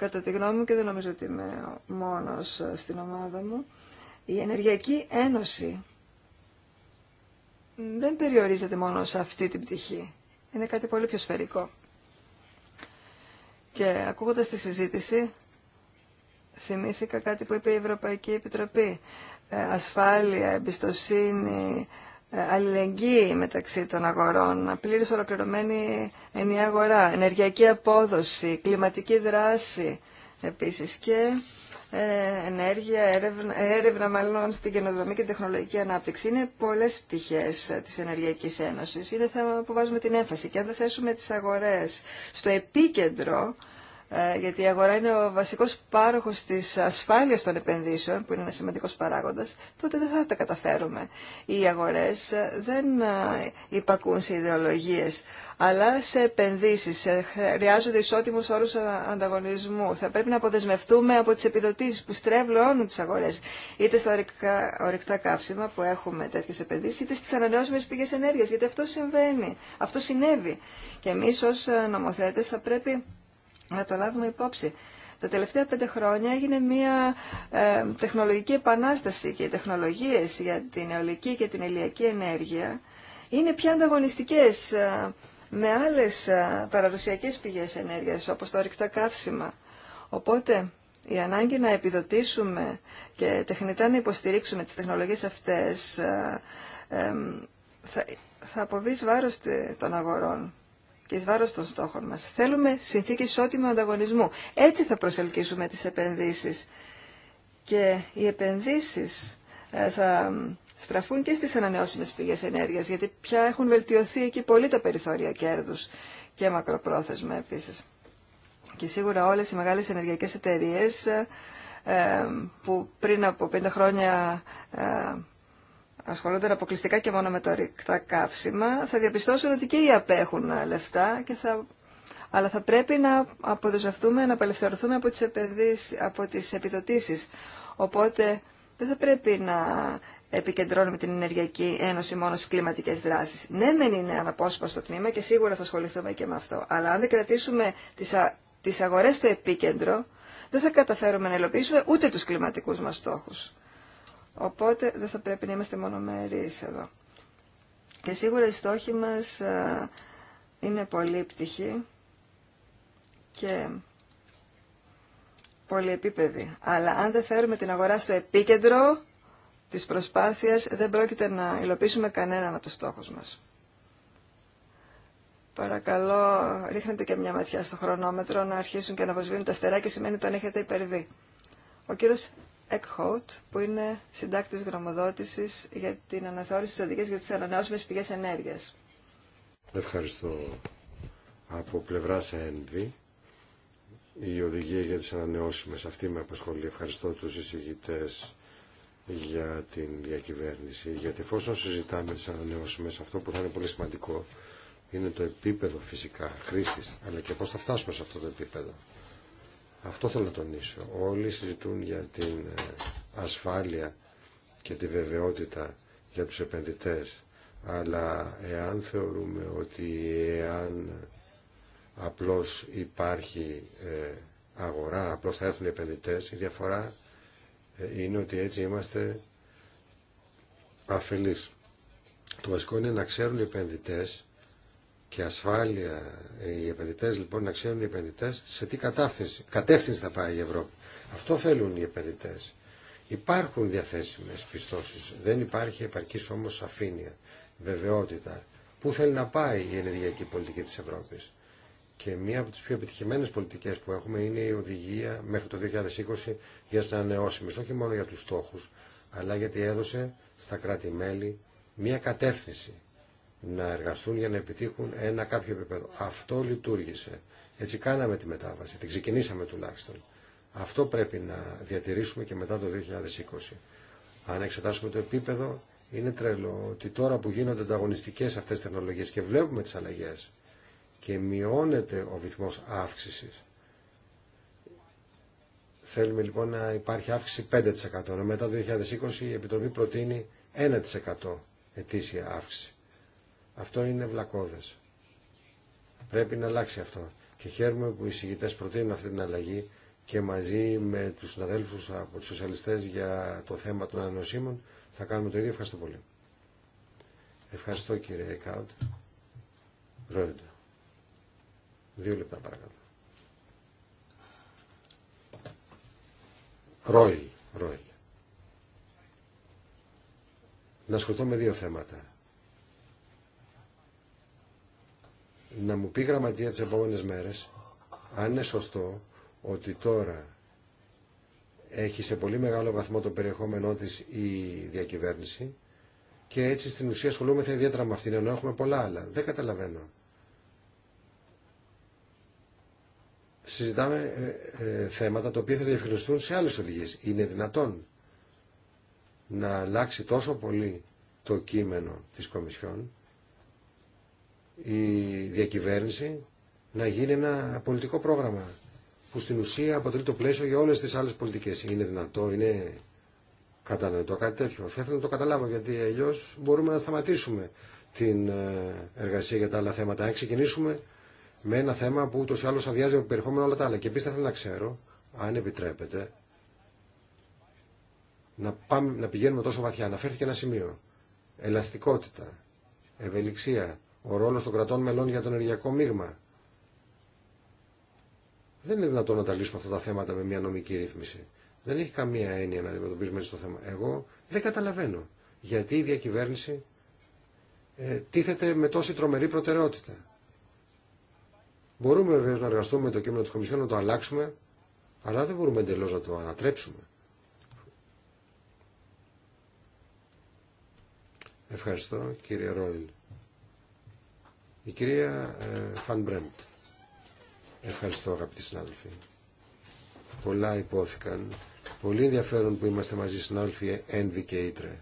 Κατά τη γνώμη μου και δεν νομίζω ότι είμαι μόνος ε, στην ομάδα μου, η Ενεργειακή Ένωση δεν περιορίζεται μόνο σε αυτή την πτυχή. Είναι κάτι πολύ πιο σφαιρικό. Και ακούγοντας τη συζήτηση, θυμήθηκα κάτι που είπε η Ευρωπαϊκή Επιτροπή. Ε, ασφάλεια, εμπιστοσύνη, αλληλεγγύη μεταξύ των αγορών, πλήρης ολοκληρωμένη ενιαία αγορά, ενεργειακή απόδοση, κλιματική δράση επίση και ε, ενέργεια, έρευνα, έρευνα μάλλον στην καινοδομή και τεχνολογική ανάπτυξη. Είναι πολλέ πτυχές ε, τη Ενεργειακή Ένωση. Είναι θέμα που βάζουμε την έμφαση και αν δεν θέσουμε τις αγορές στο επίκεντρο ε, γιατί η αγορά είναι ο βασικός πάροχος της ασφάλειας των επενδύσεων, που είναι ένα σημαντικός παράγοντας, τότε δεν θα τα καταφέρουμε. Οι αγορές ε, δεν ε, υπακούν σε ιδεολογίες, αλλά σε επενδύσεις. Χρειάζονται ισότιμους όρους ανταγωνισμού. Θα πρέπει να αποδεσμευτούμε από τις επιδοτήσεις που στρέβλωνουν τις αγορές, είτε στα ορυκτά καύσιμα που έχουμε τέτοιες επενδύσεις, είτε στις ανανεώσιμες πηγές ενέργειας, γιατί αυτό συμβαίνει, αυτό συνέβη. Και εμείς ως νομοθέτες θα πρέπει να το λάβουμε υπόψη. Τα τελευταία πέντε χρόνια έγινε μια ε, τεχνολογική επανάσταση και οι τεχνολογίες για την αιωλική και την ηλιακή ενέργεια είναι πια ανταγωνιστικές ε, με άλλες ε, παραδοσιακές πηγές ενέργειας όπως τα ορυκτά καύσιμα. Οπότε η ανάγκη να επιδοτήσουμε και τεχνητά να υποστηρίξουμε τις τεχνολογίες αυτές ε, θα, θα αποβεί βάρος των αγορών και ει βάρο των στόχων μας. Θέλουμε συνθήκε ισότιμου ανταγωνισμού. Έτσι θα προσελκύσουμε τις επενδύσεις. Και οι επενδύσεις ε, θα στραφούν και στις ανανεώσιμες πηγές ενέργειας, γιατί πια έχουν βελτιωθεί εκεί πολύ τα περιθώρια κέρδους και μακροπρόθεσμα επίσης. Και σίγουρα όλες οι μεγάλες ενεργειακές εταιρείες ε, ε, που πριν από πέντε χρόνια ασχολούνται αποκλειστικά και μόνο με τα ρηκτά καύσιμα, θα διαπιστώσουν ότι και οι απέχουν λεφτά και θα... αλλά θα πρέπει να αποδεσμευτούμε, να απελευθερωθούμε από τις, επενδύσεις, από τις επιδοτήσεις. Οπότε δεν θα πρέπει να επικεντρώνουμε την Ενεργειακή Ένωση μόνο στις κλιματικές δράσεις. Ναι, δεν είναι αναπόσπαστο τμήμα και σίγουρα θα ασχοληθούμε και με αυτό. Αλλά αν δεν κρατήσουμε τις, α... τις αγορές στο επίκεντρο, δεν θα καταφέρουμε να υλοποιήσουμε ούτε τους κλιματικούς μας στόχους. Οπότε δεν θα πρέπει να είμαστε μονομερείς εδώ. Και σίγουρα οι στόχοι μας ε, είναι πολύ πτυχοί και πολυεπίπεδοι. Αλλά αν δεν φέρουμε την αγορά στο επίκεντρο της προσπάθειας, δεν πρόκειται να υλοποιήσουμε κανέναν από τους στόχους μας. Παρακαλώ, ρίχνετε και μια ματιά στο χρονόμετρο να αρχίσουν και να βοσβήνουν τα στεράκια, σημαίνει ότι τον έχετε υπερβεί. Ο κύριος Eckhout, που είναι συντάκτης γραμμοδότησης για την αναθεώρηση της οδηγίας για τις ανανεώσιμες πηγές ενέργειας. Ευχαριστώ. Από πλευρά ΕΝΒΗ, η οδηγία για τις ανανεώσιμες, αυτή με απασχολεί. Ευχαριστώ τους εισηγητές για την διακυβέρνηση, γιατί εφόσον συζητάμε τις ανανεώσιμες, αυτό που θα είναι πολύ σημαντικό είναι το επίπεδο φυσικά χρήσης, αλλά και πώς θα φτάσουμε σε αυτό το επίπεδο. Αυτό θέλω να τονίσω. Όλοι συζητούν για την ε, ασφάλεια και τη βεβαιότητα για τους επενδυτές. Αλλά εάν θεωρούμε ότι εάν απλώς υπάρχει ε, αγορά, απλώς θα έρθουν οι επενδυτές, η διαφορά ε, είναι ότι έτσι είμαστε αφελείς. Το βασικό είναι να ξέρουν οι επενδυτές και ασφάλεια ε, οι επενδυτές λοιπόν να ξέρουν οι επενδυτές σε τι κατεύθυνση, κατεύθυνση θα πάει η Ευρώπη. Αυτό θέλουν οι επενδυτές. Υπάρχουν διαθέσιμες πιστώσεις. Δεν υπάρχει επαρκής όμως σαφήνεια, βεβαιότητα. Πού θέλει να πάει η ενεργειακή πολιτική της Ευρώπης. Και μία από τις πιο επιτυχημένες πολιτικές που έχουμε είναι η οδηγία μέχρι το 2020 για τι ανανεώσιμε, όχι μόνο για τους στόχους, αλλά γιατί έδωσε στα κράτη-μέλη μία κατεύθυνση να εργαστούν για να επιτύχουν ένα κάποιο επίπεδο. Αυτό λειτουργήσε. Έτσι κάναμε τη μετάβαση, την ξεκινήσαμε τουλάχιστον. Αυτό πρέπει να διατηρήσουμε και μετά το 2020. Αν εξετάσουμε το επίπεδο, είναι τρελό ότι τώρα που γίνονται ανταγωνιστικέ αυτέ τι τεχνολογίε και βλέπουμε τι αλλαγέ και μειώνεται ο βυθμό αύξηση. Θέλουμε λοιπόν να υπάρχει αύξηση 5%. Μετά το 2020 η Επιτροπή προτείνει 1% ετήσια αύξηση. Αυτό είναι βλακώδες. Πρέπει να αλλάξει αυτό. Και χαίρομαι που οι συγητές προτείνουν αυτή την αλλαγή και μαζί με τους συναδέλφους από τους σοσιαλιστές για το θέμα των ανανοσίμων θα κάνουμε το ίδιο. Ευχαριστώ πολύ. Ευχαριστώ κύριε Κάουτ. Ρόιντα. Δύο λεπτά παρακαλώ. Ρόιλ. Ρόιλ. Να ασχοληθώ με δύο θέματα. να μου πει γραμματεία τις επόμενες μέρες αν είναι σωστό ότι τώρα έχει σε πολύ μεγάλο βαθμό το περιεχόμενό της η διακυβέρνηση και έτσι στην ουσία ασχολούμεθα ιδιαίτερα με αυτήν ενώ έχουμε πολλά άλλα. Δεν καταλαβαίνω. Συζητάμε ε, ε, θέματα τα οποία θα διευκρινιστούν σε άλλες οδηγίες. Είναι δυνατόν να αλλάξει τόσο πολύ το κείμενο της Κομισιόν η διακυβέρνηση να γίνει ένα πολιτικό πρόγραμμα που στην ουσία αποτελεί το πλαίσιο για όλες τις άλλες πολιτικές. Είναι δυνατό, είναι κατανοητό κάτι τέτοιο. Θα ήθελα να το καταλάβω γιατί αλλιώ μπορούμε να σταματήσουμε την ε, εργασία για τα άλλα θέματα. Αν ξεκινήσουμε με ένα θέμα που ούτως ή άλλως αδειάζει με περιεχόμενο όλα τα άλλα. Και επίσης θα ήθελα να ξέρω, αν επιτρέπετε, να, πάμε, να πηγαίνουμε τόσο βαθιά. Αναφέρθηκε ένα σημείο. Ελαστικότητα, ευελιξία, ο ρόλος των κρατών μελών για το ενεργειακό μείγμα. Δεν είναι δυνατόν να τα λύσουμε αυτά τα θέματα με μια νομική ρύθμιση. Δεν έχει καμία έννοια να αντιμετωπίζουμε έτσι το θέμα. Εγώ δεν καταλαβαίνω γιατί η διακυβέρνηση ε, τίθεται με τόση τρομερή προτεραιότητα. Μπορούμε βεβαίω να εργαστούμε με το κείμενο τη Κομισιόν να το αλλάξουμε, αλλά δεν μπορούμε εντελώ να το ανατρέψουμε. Ευχαριστώ κύριε Ρόιλ. Η κυρία ε, Φαν Μπρέμπτ. Ευχαριστώ αγαπητοί συνάδελφοι. Πολλά υπόθηκαν. Πολύ ενδιαφέρον που είμαστε μαζί συνάδελφοι Ένβη ε, και Ήτρε.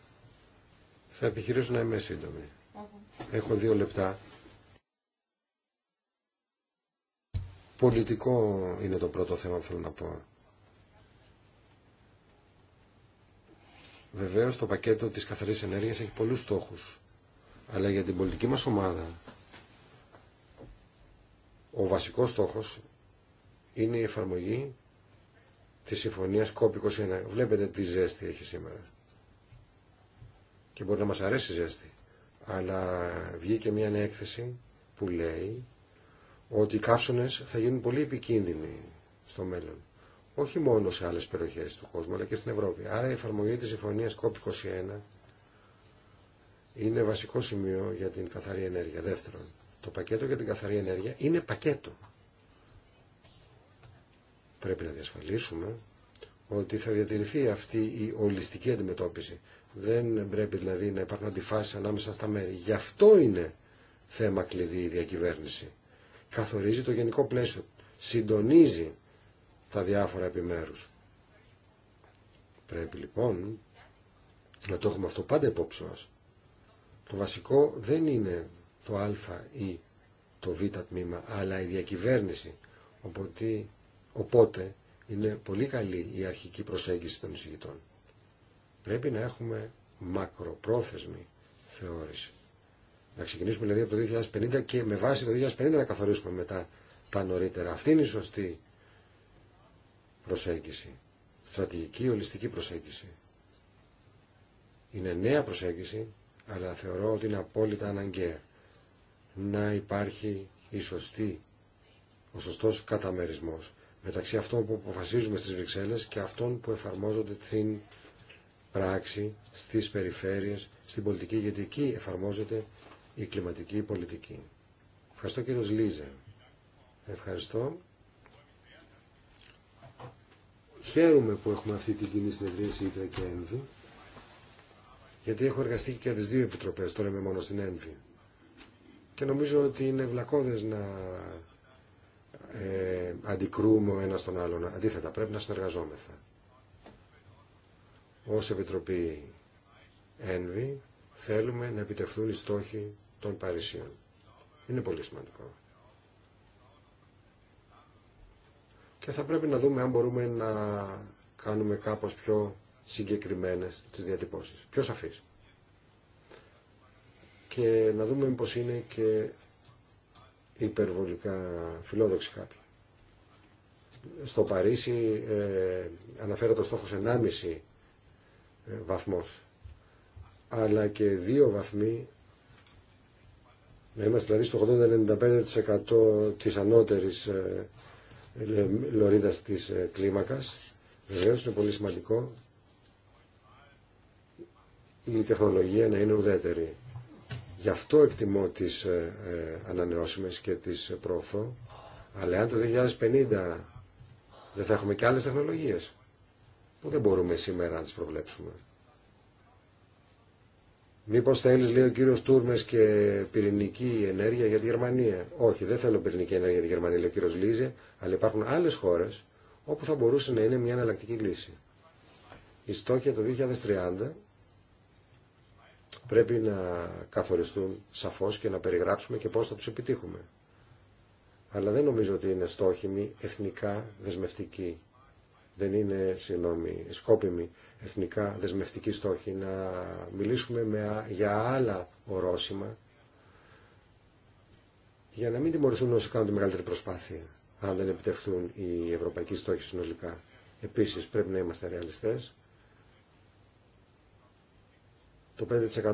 Θα επιχειρήσω να είμαι σύντομη. Έχω δύο λεπτά. Πολιτικό είναι το πρώτο θέμα που θέλω να πω. Βεβαίως το πακέτο της καθαρής ενέργειας έχει πολλούς στόχους. Αλλά για την πολιτική μας ομάδα ο βασικός στόχος είναι η εφαρμογή της συμφωνίας COP21. Βλέπετε τι ζέστη έχει σήμερα. Και μπορεί να μας αρέσει η ζέστη. Αλλά βγήκε μια νέα έκθεση που λέει ότι οι καύσονες θα γίνουν πολύ επικίνδυνοι στο μέλλον. Όχι μόνο σε άλλες περιοχές του κόσμου, αλλά και στην Ευρώπη. Άρα η εφαρμογή της συμφωνίας COP21 είναι βασικό σημείο για την καθαρή ενέργεια. Δεύτερον, το πακέτο για την καθαρή ενέργεια είναι πακέτο. Πρέπει να διασφαλίσουμε ότι θα διατηρηθεί αυτή η ολιστική αντιμετώπιση. Δεν πρέπει δηλαδή να υπάρχουν αντιφάσει ανάμεσα στα μέρη. Γι' αυτό είναι θέμα κλειδί η διακυβέρνηση. Καθορίζει το γενικό πλαίσιο. Συντονίζει τα διάφορα επιμέρους. Πρέπει λοιπόν να το έχουμε αυτό πάντα υπόψη μας. Το βασικό δεν είναι το α ή το β τμήμα, αλλά η διακυβέρνηση. Οπότε, οπότε είναι πολύ καλή η αρχική προσέγγιση των εισηγητών. Πρέπει να έχουμε μακροπρόθεσμη θεώρηση. Να ξεκινήσουμε δηλαδή από το 2050 και με βάση το 2050 να καθορίσουμε μετά τα νωρίτερα. Αυτή είναι η σωστή προσέγγιση. Στρατηγική, ολιστική προσέγγιση. Είναι νέα προσέγγιση, αλλά θεωρώ ότι είναι απόλυτα αναγκαία να υπάρχει η σωστή, ο σωστός καταμερισμός μεταξύ αυτών που αποφασίζουμε στις Βρυξέλλες και αυτών που εφαρμόζονται στην πράξη, στις περιφέρειες, στην πολιτική, γιατί εκεί εφαρμόζεται η κλιματική πολιτική. Ευχαριστώ κύριο Λίζε. Ευχαριστώ. Χαίρομαι που έχουμε αυτή την κοινή συνεδρίαση ΙΤΡΑ και ΕΝΒΗ, γιατί έχω εργαστεί και για τις δύο επιτροπές, τώρα είμαι μόνο στην ΕΝΒΗ και νομίζω ότι είναι βλακώδες να ε, αντικρούμε ο ένας τον άλλον. Αντίθετα, πρέπει να συνεργαζόμεθα. Ως Επιτροπή Ένβη θέλουμε να επιτευχθούν οι στόχοι των Παρισίων. Είναι πολύ σημαντικό. Και θα πρέπει να δούμε αν μπορούμε να κάνουμε κάπως πιο συγκεκριμένες τις διατυπώσεις. Πιο σαφείς και να δούμε πως είναι και υπερβολικά φιλόδοξοι κάποιοι. Στο Παρίσι ε, αναφέρεται ο στόχος 1,5 ε, βαθμός, αλλά και 2 βαθμοί, να είμαστε δηλαδή στο 80-95% της ανώτερης ε, λωρίδας της ε, κλίμακας, βεβαίω είναι πολύ σημαντικό η τεχνολογία να είναι ουδέτερη. Γι' αυτό εκτιμώ τις ε, ε ανανεώσιμες και τις ε, προωθώ. Αλλά αν το 2050 δεν θα έχουμε και άλλες τεχνολογίες που δεν μπορούμε σήμερα να τις προβλέψουμε. Μήπως θέλεις, λέει ο κύριος Τούρμες, και πυρηνική ενέργεια για τη Γερμανία. Όχι, δεν θέλω πυρηνική ενέργεια για τη Γερμανία, λέει ο κύριος Λίζε, αλλά υπάρχουν άλλες χώρες όπου θα μπορούσε να είναι μια εναλλακτική λύση. Η στόχη το 2030 πρέπει να καθοριστούν σαφώς και να περιγράψουμε και πώς θα τους επιτύχουμε. Αλλά δεν νομίζω ότι είναι στόχημη εθνικά δεσμευτική. Δεν είναι, συγγνώμη, σκόπιμη εθνικά δεσμευτική στόχη. Να μιλήσουμε με, για άλλα ορόσημα για να μην τιμωρηθούν όσοι κάνουν τη μεγαλύτερη προσπάθεια αν δεν επιτευχθούν οι ευρωπαϊκοί στόχοι συνολικά. Επίσης πρέπει να είμαστε ρεαλιστές το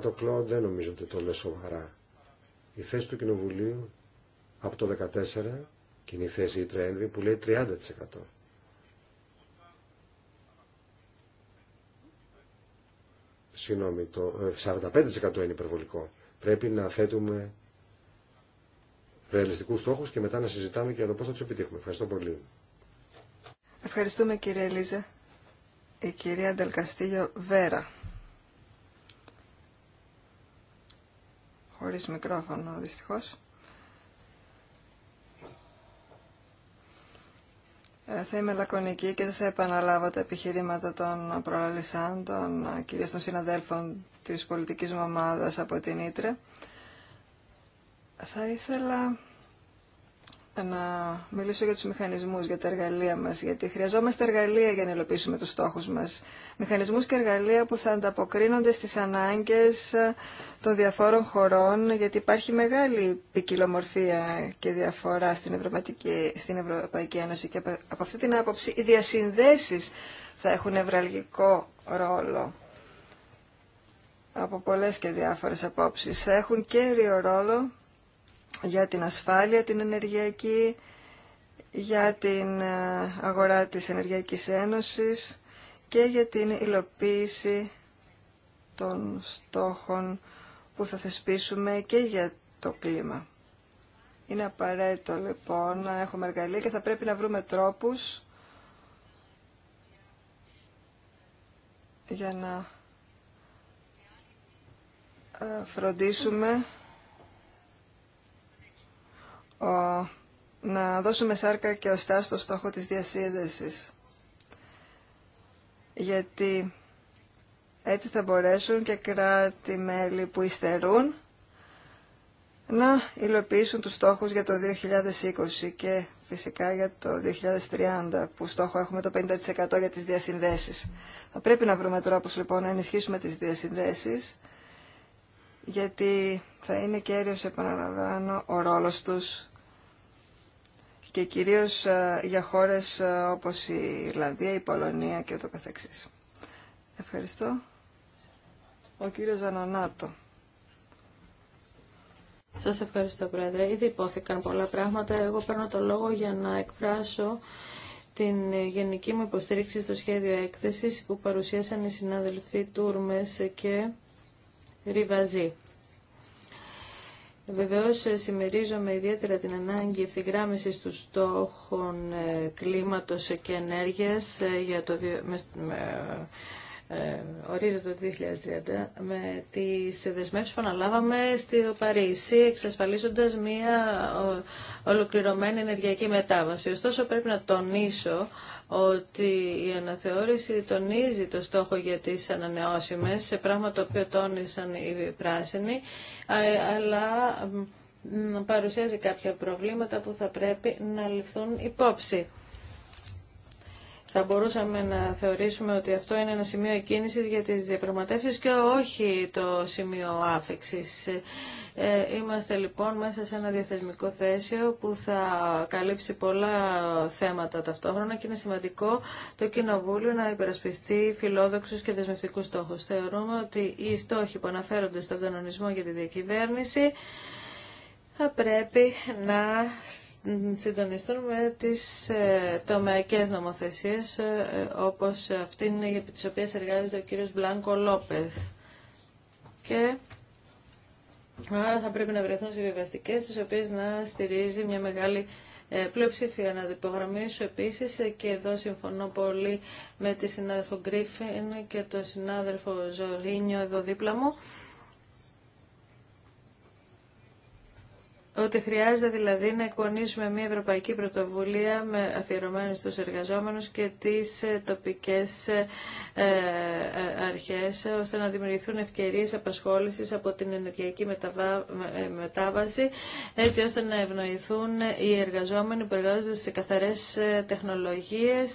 5% κλόν δεν νομίζω ότι το λέω σοβαρά. Η θέση του Κοινοβουλίου από το 14 και είναι η θέση η Τρένβη που λέει 30%. Συγγνώμη, το 45% ε, είναι υπερβολικό. Πρέπει να θέτουμε ρεαλιστικούς στόχους και μετά να συζητάμε και για το πώς θα τους επιτύχουμε. Ευχαριστώ πολύ. Ευχαριστούμε κύριε Ελίζα. Η κυρία Ντελκαστήλιο Βέρα. χωρίς μικρόφωνο δυστυχώς. Ε, θα είμαι λακωνική και δεν θα επαναλάβω τα επιχειρήματα των προλαλισσάντων, ε, κυρίως των συναδέλφων της πολιτικής μου ομάδας από την Ήτρε. Θα ήθελα να μιλήσω για τους μηχανισμούς, για τα εργαλεία μας, γιατί χρειαζόμαστε εργαλεία για να υλοποιήσουμε τους στόχους μας. Μηχανισμούς και εργαλεία που θα ανταποκρίνονται στις ανάγκες ε, των διαφόρων χωρών, γιατί υπάρχει μεγάλη ποικιλομορφία και διαφορά στην Ευρωπαϊκή, στην Ευρωπαϊκή Ένωση και από αυτή την άποψη οι διασυνδέσεις θα έχουν ευραλγικό ρόλο από πολλές και διάφορες απόψεις. Θα έχουν κέριο ρόλο για την ασφάλεια, την ενεργειακή, για την ε, αγορά της Ενεργειακής Ένωσης και για την υλοποίηση των στόχων που θα θεσπίσουμε και για το κλίμα. Είναι απαραίτητο λοιπόν να έχουμε εργαλεία και θα πρέπει να βρούμε τρόπους για να ε, φροντίσουμε να δώσουμε σάρκα και οστά στο στόχο της διασύνδεσης. Γιατί έτσι θα μπορέσουν και κράτη-μέλη που υστερούν να υλοποιήσουν τους στόχους για το 2020 και φυσικά για το 2030 που στόχο έχουμε το 50% για τις διασυνδέσεις. Θα πρέπει να βρούμε τρόπους λοιπόν να ενισχύσουμε τις διασυνδέσεις γιατί θα είναι κέριος επαναλαμβάνω ο ρόλος τους και κυρίως ε, για χώρες ε, όπως η Ιρλανδία, η Πολωνία και το καθεξής. Ευχαριστώ. Ο κύριος Ανανάτο. Σας ευχαριστώ, Πρόεδρε. Ήδη υπόθηκαν πολλά πράγματα. Εγώ παίρνω το λόγο για να εκφράσω την γενική μου υποστήριξη στο σχέδιο έκθεσης που παρουσίασαν οι συνάδελφοί Τούρμες και Ριβαζή. Βεβαίω, ε, συμμερίζομαι ιδιαίτερα την ανάγκη ευθυγράμμιση του στόχων ε, κλίματος και ενέργειας ε, για το, ε, ορίζοντα το 2030 με τις δεσμεύσεις που αναλάβαμε στη Παρίσι εξασφαλίζοντας μια ολοκληρωμένη ενεργειακή μετάβαση. Ωστόσο πρέπει να τονίσω ότι η αναθεώρηση τονίζει το στόχο για τις ανανεώσιμες, σε πράγμα το οποίο τόνισαν οι πράσινοι, αλλά παρουσιάζει κάποια προβλήματα που θα πρέπει να ληφθούν υπόψη θα μπορούσαμε να θεωρήσουμε ότι αυτό είναι ένα σημείο εκκίνησης για τις διαπραγματεύσεις και όχι το σημείο άφεξης. Ε, είμαστε λοιπόν μέσα σε ένα διαθεσμικό θέσιο που θα καλύψει πολλά θέματα ταυτόχρονα και είναι σημαντικό το Κοινοβούλιο να υπερασπιστεί φιλόδοξους και δεσμευτικούς στόχους. Θεωρούμε ότι οι στόχοι που αναφέρονται στον κανονισμό για τη διακυβέρνηση θα πρέπει να συντονιστούν με τις ε, τομεακές νομοθεσίες ε, ε, όπως αυτήν για τις οποίες εργάζεται ο κύριος Μπλάνκο Λόπεθ. Και άρα θα πρέπει να βρεθούν συμβιβαστικές τις οποίες να στηρίζει μια μεγάλη πλειοψηφία. Να το υπογραμμίσω επίσης και εδώ συμφωνώ πολύ με τη συνάδελφο Γκρίφιν και τον συνάδελφο Ζωρίνιο εδώ δίπλα μου ότι χρειάζεται δηλαδή να εκπονήσουμε μια ευρωπαϊκή πρωτοβουλία με αφιερωμένη στους εργαζόμενους και τις ε, τοπικές ε, ε, αρχές ώστε να δημιουργηθούν ευκαιρίες απασχόλησης από την ενεργειακή μετάβαση έτσι ώστε να ευνοηθούν οι εργαζόμενοι που εργάζονται σε καθαρές τεχνολογίες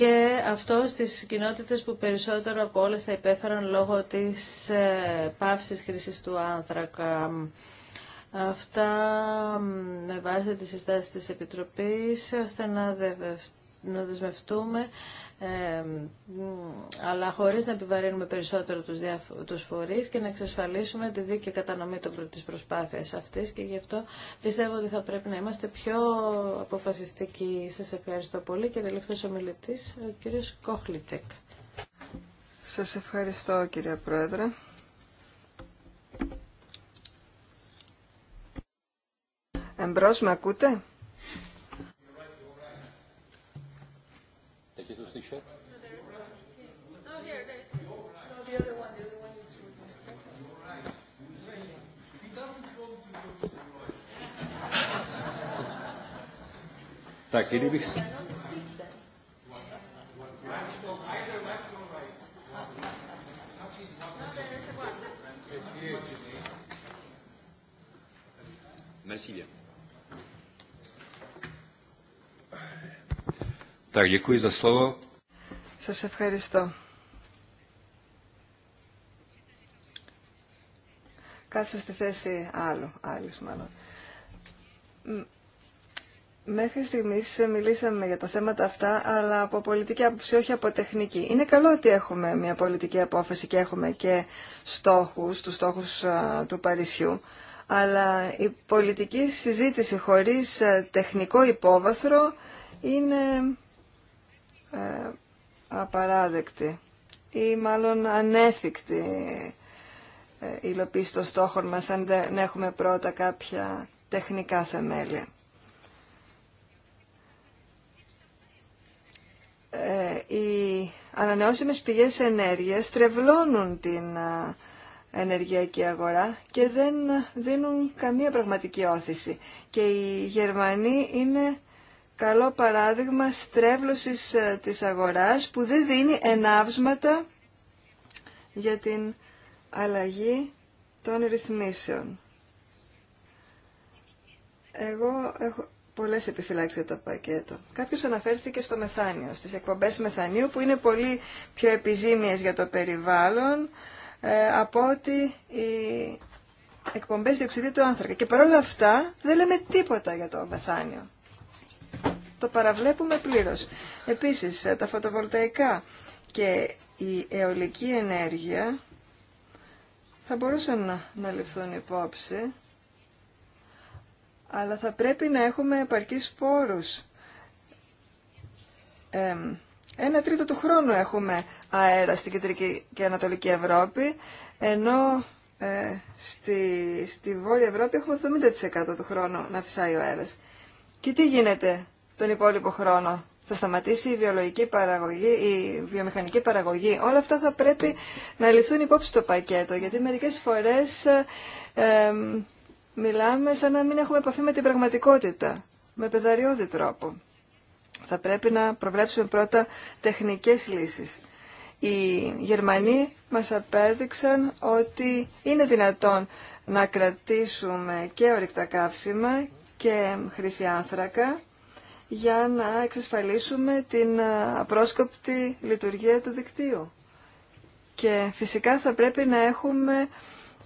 και αυτό στις κοινότητες που περισσότερο από όλες θα υπέφεραν λόγω της ε, πάυσης χρήσης του άνθρακα. Αυτά με βάση τις συστάσεις της Επιτροπής, ώστε να δεσμευτούμε ε, αλλά χωρίς να επιβαρύνουμε περισσότερο τους, τους φορείς και να εξασφαλίσουμε τη δίκαιη κατανομή της προσπάθειας αυτής και γι' αυτό πιστεύω ότι θα πρέπει να είμαστε πιο αποφασιστικοί. Σας ευχαριστώ πολύ και τελευταίος ομιλητής, ο κύριος Κόχλιτσεκ. Σας ευχαριστώ κύριε Πρόεδρε. Εμπρός, με ακούτε? Where's the ship? No, here, there. the other one. The other one is. He doesn't want to go Merci bien. Σας ευχαριστώ. Κάτσε στη θέση άλλου, άλλης μάλλον. Μέχρι στιγμής μιλήσαμε για τα θέματα αυτά, αλλά από πολιτική άποψη, όχι από τεχνική. Είναι καλό ότι έχουμε μια πολιτική απόφαση και έχουμε και στόχους, τους στόχους του Παρισιού, αλλά η πολιτική συζήτηση χωρίς τεχνικό υπόβαθρο είναι ε, απαράδεκτη ή μάλλον ανέφικτη η ε, υλοποίηση των στόχων μας αν δεν έχουμε πρώτα κάποια τεχνικά θεμέλια. Ε, οι ανανεώσιμες πηγές ενέργειας τρευλώνουν την ενεργειακή αγορά και δεν δίνουν καμία πραγματική όθηση. Και οι Γερμανοί είναι καλό παράδειγμα στρέβλωσης ε, της αγοράς που δεν δίνει ενάυσματα για την αλλαγή των ρυθμίσεων. Εγώ έχω πολλές επιφυλάξεις για το πακέτο. Κάποιος αναφέρθηκε στο μεθάνιο, στις εκπομπές μεθανίου που είναι πολύ πιο επιζήμιες για το περιβάλλον ε, από ότι οι εκπομπές διοξιδίου του άνθρακα. Και παρόλα αυτά δεν λέμε τίποτα για το μεθάνιο το παραβλέπουμε πλήρως. Επίσης, ε, τα φωτοβολταϊκά και η αιωλική ενέργεια θα μπορούσαν να, να ληφθούν υπόψη, αλλά θα πρέπει να έχουμε επαρκείς πόρους. ένα τρίτο του χρόνου έχουμε αέρα στην Κεντρική και Ανατολική Ευρώπη, ενώ ε, στη, στη Βόρεια Ευρώπη έχουμε 70% του χρόνου να φυσάει ο αέρας. Και τι γίνεται τον υπόλοιπο χρόνο. Θα σταματήσει η βιολογική παραγωγή, η βιομηχανική παραγωγή. Όλα αυτά θα πρέπει να ληφθούν υπόψη το πακέτο, γιατί μερικές φορές ε, μιλάμε σαν να μην έχουμε επαφή με την πραγματικότητα, με πεδαριώδη τρόπο. Θα πρέπει να προβλέψουμε πρώτα τεχνικές λύσεις. Οι Γερμανοί μας απέδειξαν ότι είναι δυνατόν να κρατήσουμε και ορυκτά καύσιμα και χρυσή άνθρακα για να εξασφαλίσουμε την απρόσκοπτη λειτουργία του δικτύου. Και φυσικά θα πρέπει να έχουμε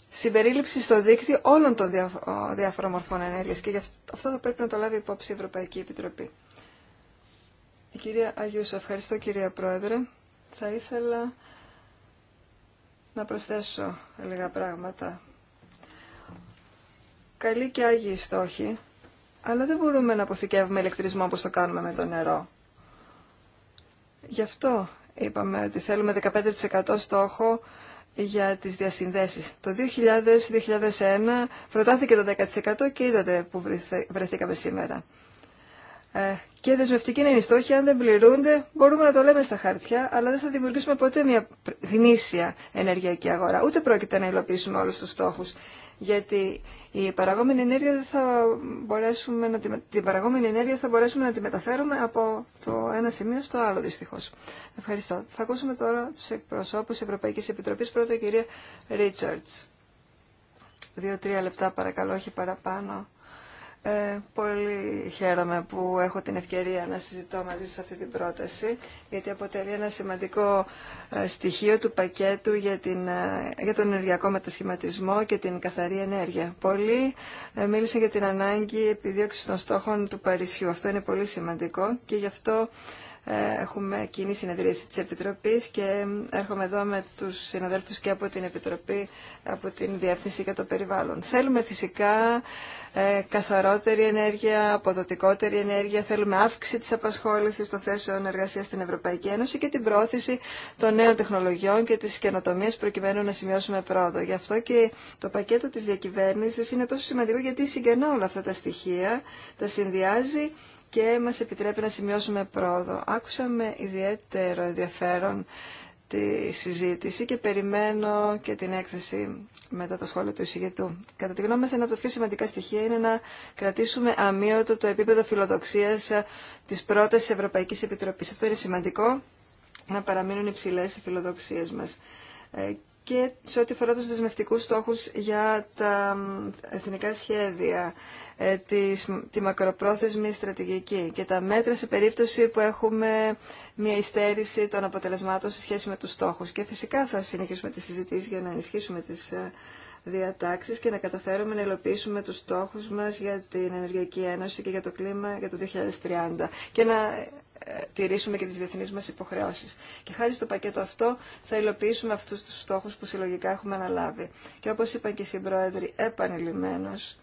συμπερίληψη στο δίκτυο όλων των διάφορων μορφών ενέργειας και γι αυτό θα πρέπει να το λάβει υπόψη η Ευρωπαϊκή Επιτροπή. Η κυρία Αγιούσο, ευχαριστώ κυρία Πρόεδρε. Θα ήθελα να προσθέσω λίγα πράγματα. Καλή και άγιοι στόχοι αλλά δεν μπορούμε να αποθηκεύουμε ηλεκτρισμό όπως το κάνουμε με το νερό. Γι' αυτό είπαμε ότι θέλουμε 15% στόχο για τις διασυνδέσεις. Το 2000-2001 προτάθηκε το 10% και είδατε που βρεθήκαμε σήμερα. Ε, και δεσμευτική είναι η στόχη, αν δεν πληρούνται μπορούμε να το λέμε στα χαρτιά, αλλά δεν θα δημιουργήσουμε ποτέ μια γνήσια ενεργειακή αγορά. Ούτε πρόκειται να υλοποιήσουμε όλους τους στόχους γιατί η παραγόμενη ενέργεια θα μπορέσουμε να τη, την παραγόμενη ενέργεια θα μπορέσουμε να τη μεταφέρουμε από το ένα σημείο στο άλλο δυστυχώ. Ευχαριστώ. Θα ακούσουμε τώρα τους εκπροσώπους Ευρωπαϊκής Επιτροπής, πρώτα η κυρια κυρία Ρίτσαρτς. Δύο-τρία λεπτά παρακαλώ, όχι παραπάνω, ε, πολύ χαίρομαι που έχω την ευκαιρία να συζητώ μαζί σας αυτή την πρόταση, γιατί αποτελεί ένα σημαντικό ε, στοιχείο του πακέτου για, την, ε, για τον ενεργειακό μετασχηματισμό και την καθαρή ενέργεια. Πολλοί ε, μίλησαν για την ανάγκη επιδίωξης των στόχων του Παρισιού. Αυτό είναι πολύ σημαντικό και γι' αυτό ε, έχουμε κοινή συνεδρίαση της Επιτροπής και έρχομαι εδώ με τους συναδέλφους και από την Επιτροπή, από την Διεύθυνση για το Περιβάλλον. Θέλουμε φυσικά ε, καθαρότερη ενέργεια, αποδοτικότερη ενέργεια, θέλουμε αύξηση της απασχόλησης των θέσεων εργασίας στην Ευρωπαϊκή Ένωση και την πρόθεση των νέων τεχνολογιών και της καινοτομίας προκειμένου να σημειώσουμε πρόοδο. Γι' αυτό και το πακέτο της διακυβέρνησης είναι τόσο σημαντικό γιατί συγκενά αυτά τα στοιχεία, τα συνδυάζει και μας επιτρέπει να σημειώσουμε πρόοδο. Άκουσα με ιδιαίτερο ενδιαφέρον τη συζήτηση και περιμένω και την έκθεση μετά τα σχόλια του εισηγητού. Κατά τη γνώμη μας, ένα από τα πιο σημαντικά στοιχεία είναι να κρατήσουμε αμύωτο το επίπεδο φιλοδοξίας ε, της πρώτης Ευρωπαϊκής Επιτροπής. Αυτό είναι σημαντικό, να παραμείνουν υψηλές οι φιλοδοξίες μας ε, και σε ό,τι αφορά τους δεσμευτικούς στόχους για τα εθνικά σχέδια, ε, τη, τη μακροπρόθεσμη στρατηγική και τα μέτρα σε περίπτωση που έχουμε μια υστέρηση των αποτελεσμάτων σε σχέση με τους στόχους. Και φυσικά θα συνεχίσουμε τις συζητήσεις για να ενισχύσουμε τις ε, διατάξεις και να καταφέρουμε να υλοποιήσουμε τους στόχους μας για την Ενεργειακή Ένωση και για το κλίμα για το 2030 και να τηρήσουμε και τις διεθνείς μας υποχρεώσεις. Και χάρη στο πακέτο αυτό θα υλοποιήσουμε αυτούς τους στόχους που συλλογικά έχουμε αναλάβει. Και όπως είπα και οι Πρόεδροι επανειλημμένος,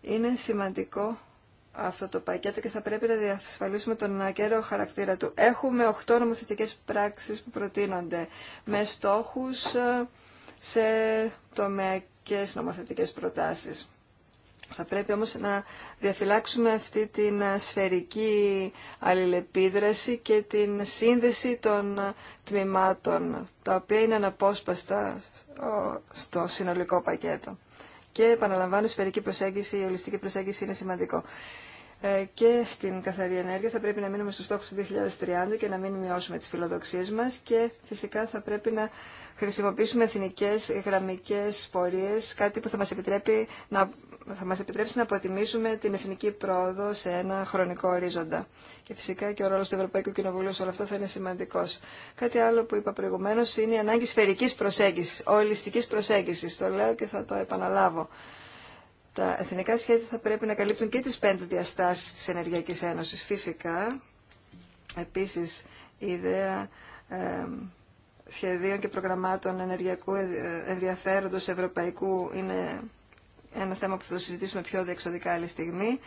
είναι σημαντικό αυτό το πακέτο και θα πρέπει να διασφαλίσουμε τον ακέραιο χαρακτήρα του. Έχουμε 8 νομοθετικές πράξεις που προτείνονται με στόχους ε, σε τομεακές νομοθετικές προτάσεις. Θα πρέπει όμως να διαφυλάξουμε αυτή την σφαιρική αλληλεπίδραση και την σύνδεση των τμήματων, τα οποία είναι αναπόσπαστα στο συνολικό πακέτο. Και επαναλαμβάνω, η σφαιρική προσέγγιση, η ολιστική προσέγγιση είναι σημαντικό. Ε, και στην καθαρή ενέργεια θα πρέπει να μείνουμε στους στόχους του 2030 και να μην μειώσουμε τις φιλοδοξίες μας και φυσικά θα πρέπει να χρησιμοποιήσουμε εθνικές γραμμικές πορείες, κάτι που θα μας επιτρέπει να θα μας επιτρέψει να αποτιμήσουμε την εθνική πρόοδο σε ένα χρονικό ορίζοντα. Και φυσικά και ο ρόλος του Ευρωπαϊκού Κοινοβουλίου σε όλο αυτό θα είναι σημαντικός. Κάτι άλλο που είπα προηγουμένως είναι η ανάγκη σφαιρικής προσέγγισης, ολιστικής προσέγγισης. Το λέω και θα το επαναλάβω. Τα εθνικά σχέδια θα πρέπει να καλύπτουν και τις πέντε διαστάσεις της Ενεργειακής Ένωσης. Φυσικά, επίσης, η ιδέα... Ε, σχεδίων και προγραμμάτων ενεργειακού ενδιαφέροντος ευρωπαϊκού είναι ένα θέμα που θα το συζητήσουμε πιο διεξοδικά άλλη στιγμή.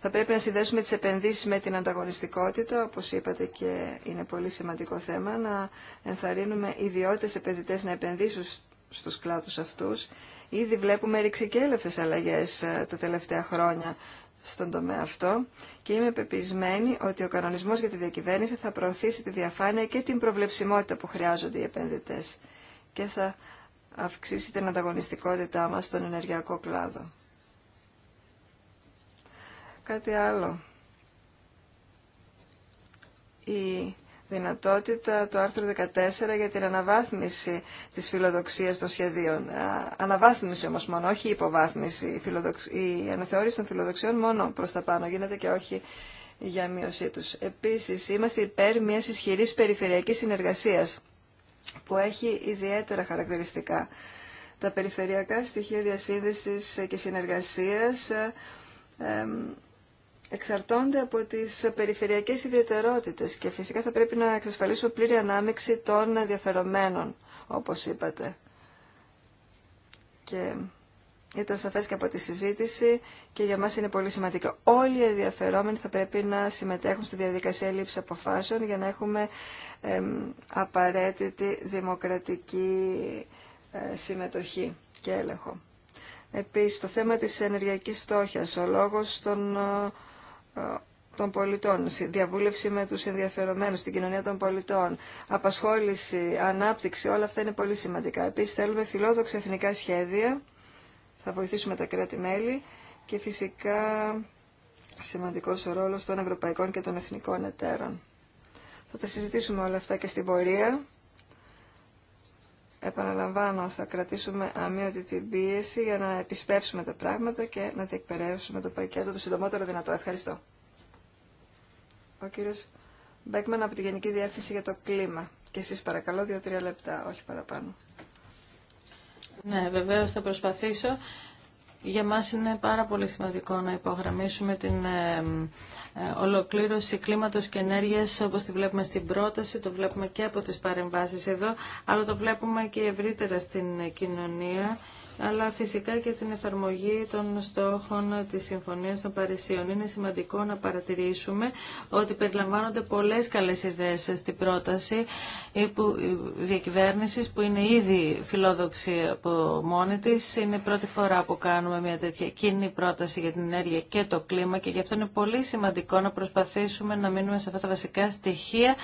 Θα πρέπει να συνδέσουμε τις επενδύσεις με την ανταγωνιστικότητα, όπως είπατε και είναι πολύ σημαντικό θέμα, να ενθαρρύνουμε ιδιώτες επενδυτές να επενδύσουν στους κλάδους αυτούς. Ήδη βλέπουμε ρηξικέλευτες αλλαγές ε, τα τελευταία χρόνια στον τομέα αυτό και είμαι πεπισμένη ότι ο κανονισμός για τη διακυβέρνηση θα προωθήσει τη διαφάνεια και την προβλεψιμότητα που χρειάζονται οι επενδυτές και θα αυξήσει την ανταγωνιστικότητά μας στον ενεργειακό κλάδο. Κάτι άλλο. Η δυνατότητα του άρθρου 14 για την αναβάθμιση της φιλοδοξίας των σχεδίων. Αναβάθμιση όμως μόνο, όχι υποβάθμιση. Η αναθεώρηση των φιλοδοξιών μόνο προς τα πάνω γίνεται και όχι για μείωσή τους. Επίσης, είμαστε υπέρ μιας ισχυρής περιφερειακής συνεργασίας που έχει ιδιαίτερα χαρακτηριστικά. Τα περιφερειακά στοιχεία διασύνδεσης και συνεργασίας εξαρτώνται από τις περιφερειακές ιδιαιτερότητες και φυσικά θα πρέπει να εξασφαλίσουμε πλήρη ανάμειξη των ενδιαφερομένων, όπως είπατε. Ήταν σαφές και από τη συζήτηση και για μας είναι πολύ σημαντικό. Όλοι οι ενδιαφερόμενοι θα πρέπει να συμμετέχουν στη διαδικασία λήψη αποφάσεων για να έχουμε απαραίτητη δημοκρατική ε, συμμετοχή και έλεγχο. Επίσης, το θέμα της ενεργειακής φτώχειας, ο λόγος των, ε, των πολιτών, διαβούλευση με τους ενδιαφερομένους, την κοινωνία των πολιτών, απασχόληση, ανάπτυξη, όλα αυτά είναι πολύ σημαντικά. Επίσης, θέλουμε φιλόδοξα εθνικά σχέδια θα βοηθήσουμε τα κράτη-μέλη και φυσικά σημαντικός ο ρόλος των ευρωπαϊκών και των εθνικών εταίρων. Θα τα συζητήσουμε όλα αυτά και στην πορεία. Επαναλαμβάνω, θα κρατήσουμε αμύωτη την πίεση για να επισπεύσουμε τα πράγματα και να διεκπαιρέσουμε το πακέτο το συντομότερο δυνατό. Ευχαριστώ. Ο κύριος Μπέκμαν από τη Γενική Διεύθυνση για το Κλίμα. Και εσείς παρακαλώ δύο-τρία λεπτά, όχι παραπάνω. Ναι, βεβαίως θα προσπαθήσω. Για μας είναι πάρα πολύ σημαντικό να υπογραμμίσουμε την ε, ε, ολοκλήρωση κλίματος και ενέργειας όπως τη βλέπουμε στην πρόταση, το βλέπουμε και από τις παρεμβάσεις εδώ, αλλά το βλέπουμε και ευρύτερα στην κοινωνία αλλά φυσικά και την εφαρμογή των στόχων της Συμφωνίας των Παρισίων. Είναι σημαντικό να παρατηρήσουμε ότι περιλαμβάνονται πολλές καλές ιδέες στην πρόταση ε, διακυβέρνησης που είναι ήδη φιλόδοξη από μόνη της. Είναι η πρώτη φορά που κάνουμε μια τέτοια κοινή πρόταση για την ενέργεια και το κλίμα και γι' αυτό είναι πολύ σημαντικό να προσπαθήσουμε να μείνουμε σε αυτά τα βασικά στοιχεία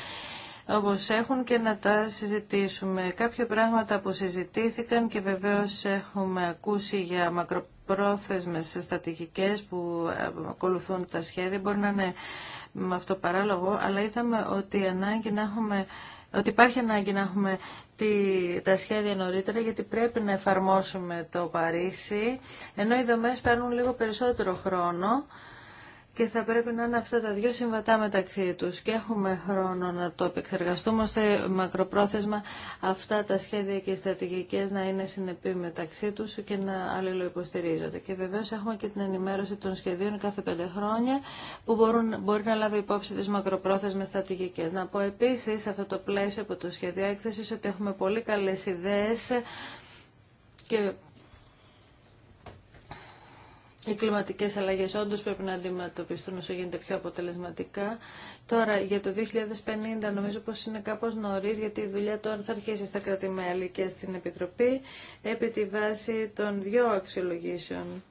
όπως έχουν και να τα συζητήσουμε. Κάποια πράγματα που συζητήθηκαν και βεβαίως έχουμε ακούσει για μακροπρόθεσμες στατικικές που ακολουθούν τα σχέδια μπορεί να είναι με αυτό παράλογο, αλλά είδαμε ότι, ανάγκη να έχουμε, ότι υπάρχει ανάγκη να έχουμε τη, τα σχέδια νωρίτερα γιατί πρέπει να εφαρμόσουμε το Παρίσι, ενώ οι δομές παίρνουν λίγο περισσότερο χρόνο και θα πρέπει να είναι αυτά τα δύο συμβατά μεταξύ τους και έχουμε χρόνο να το επεξεργαστούμε ώστε μακροπρόθεσμα αυτά τα σχέδια και οι στρατηγικές να είναι συνεπεί μεταξύ τους και να αλληλοϊποστηρίζονται. Και βεβαίως έχουμε και την ενημέρωση των σχεδίων κάθε πέντε χρόνια που μπορούν, μπορεί να λάβει υπόψη τις μακροπρόθεσμες στρατηγικές. Να πω επίσης σε αυτό το πλαίσιο από το σχέδιο έκθεσης ότι έχουμε πολύ καλές ιδέες και οι κλιματικέ αλλαγές όντως πρέπει να αντιμετωπιστούν όσο γίνεται πιο αποτελεσματικά. Τώρα για το 2050 νομίζω πως είναι κάπως νωρί, γιατί η δουλειά τώρα θα αρχίσει στα κρατημέλη και στην Επιτροπή επί τη βάση των δύο αξιολογήσεων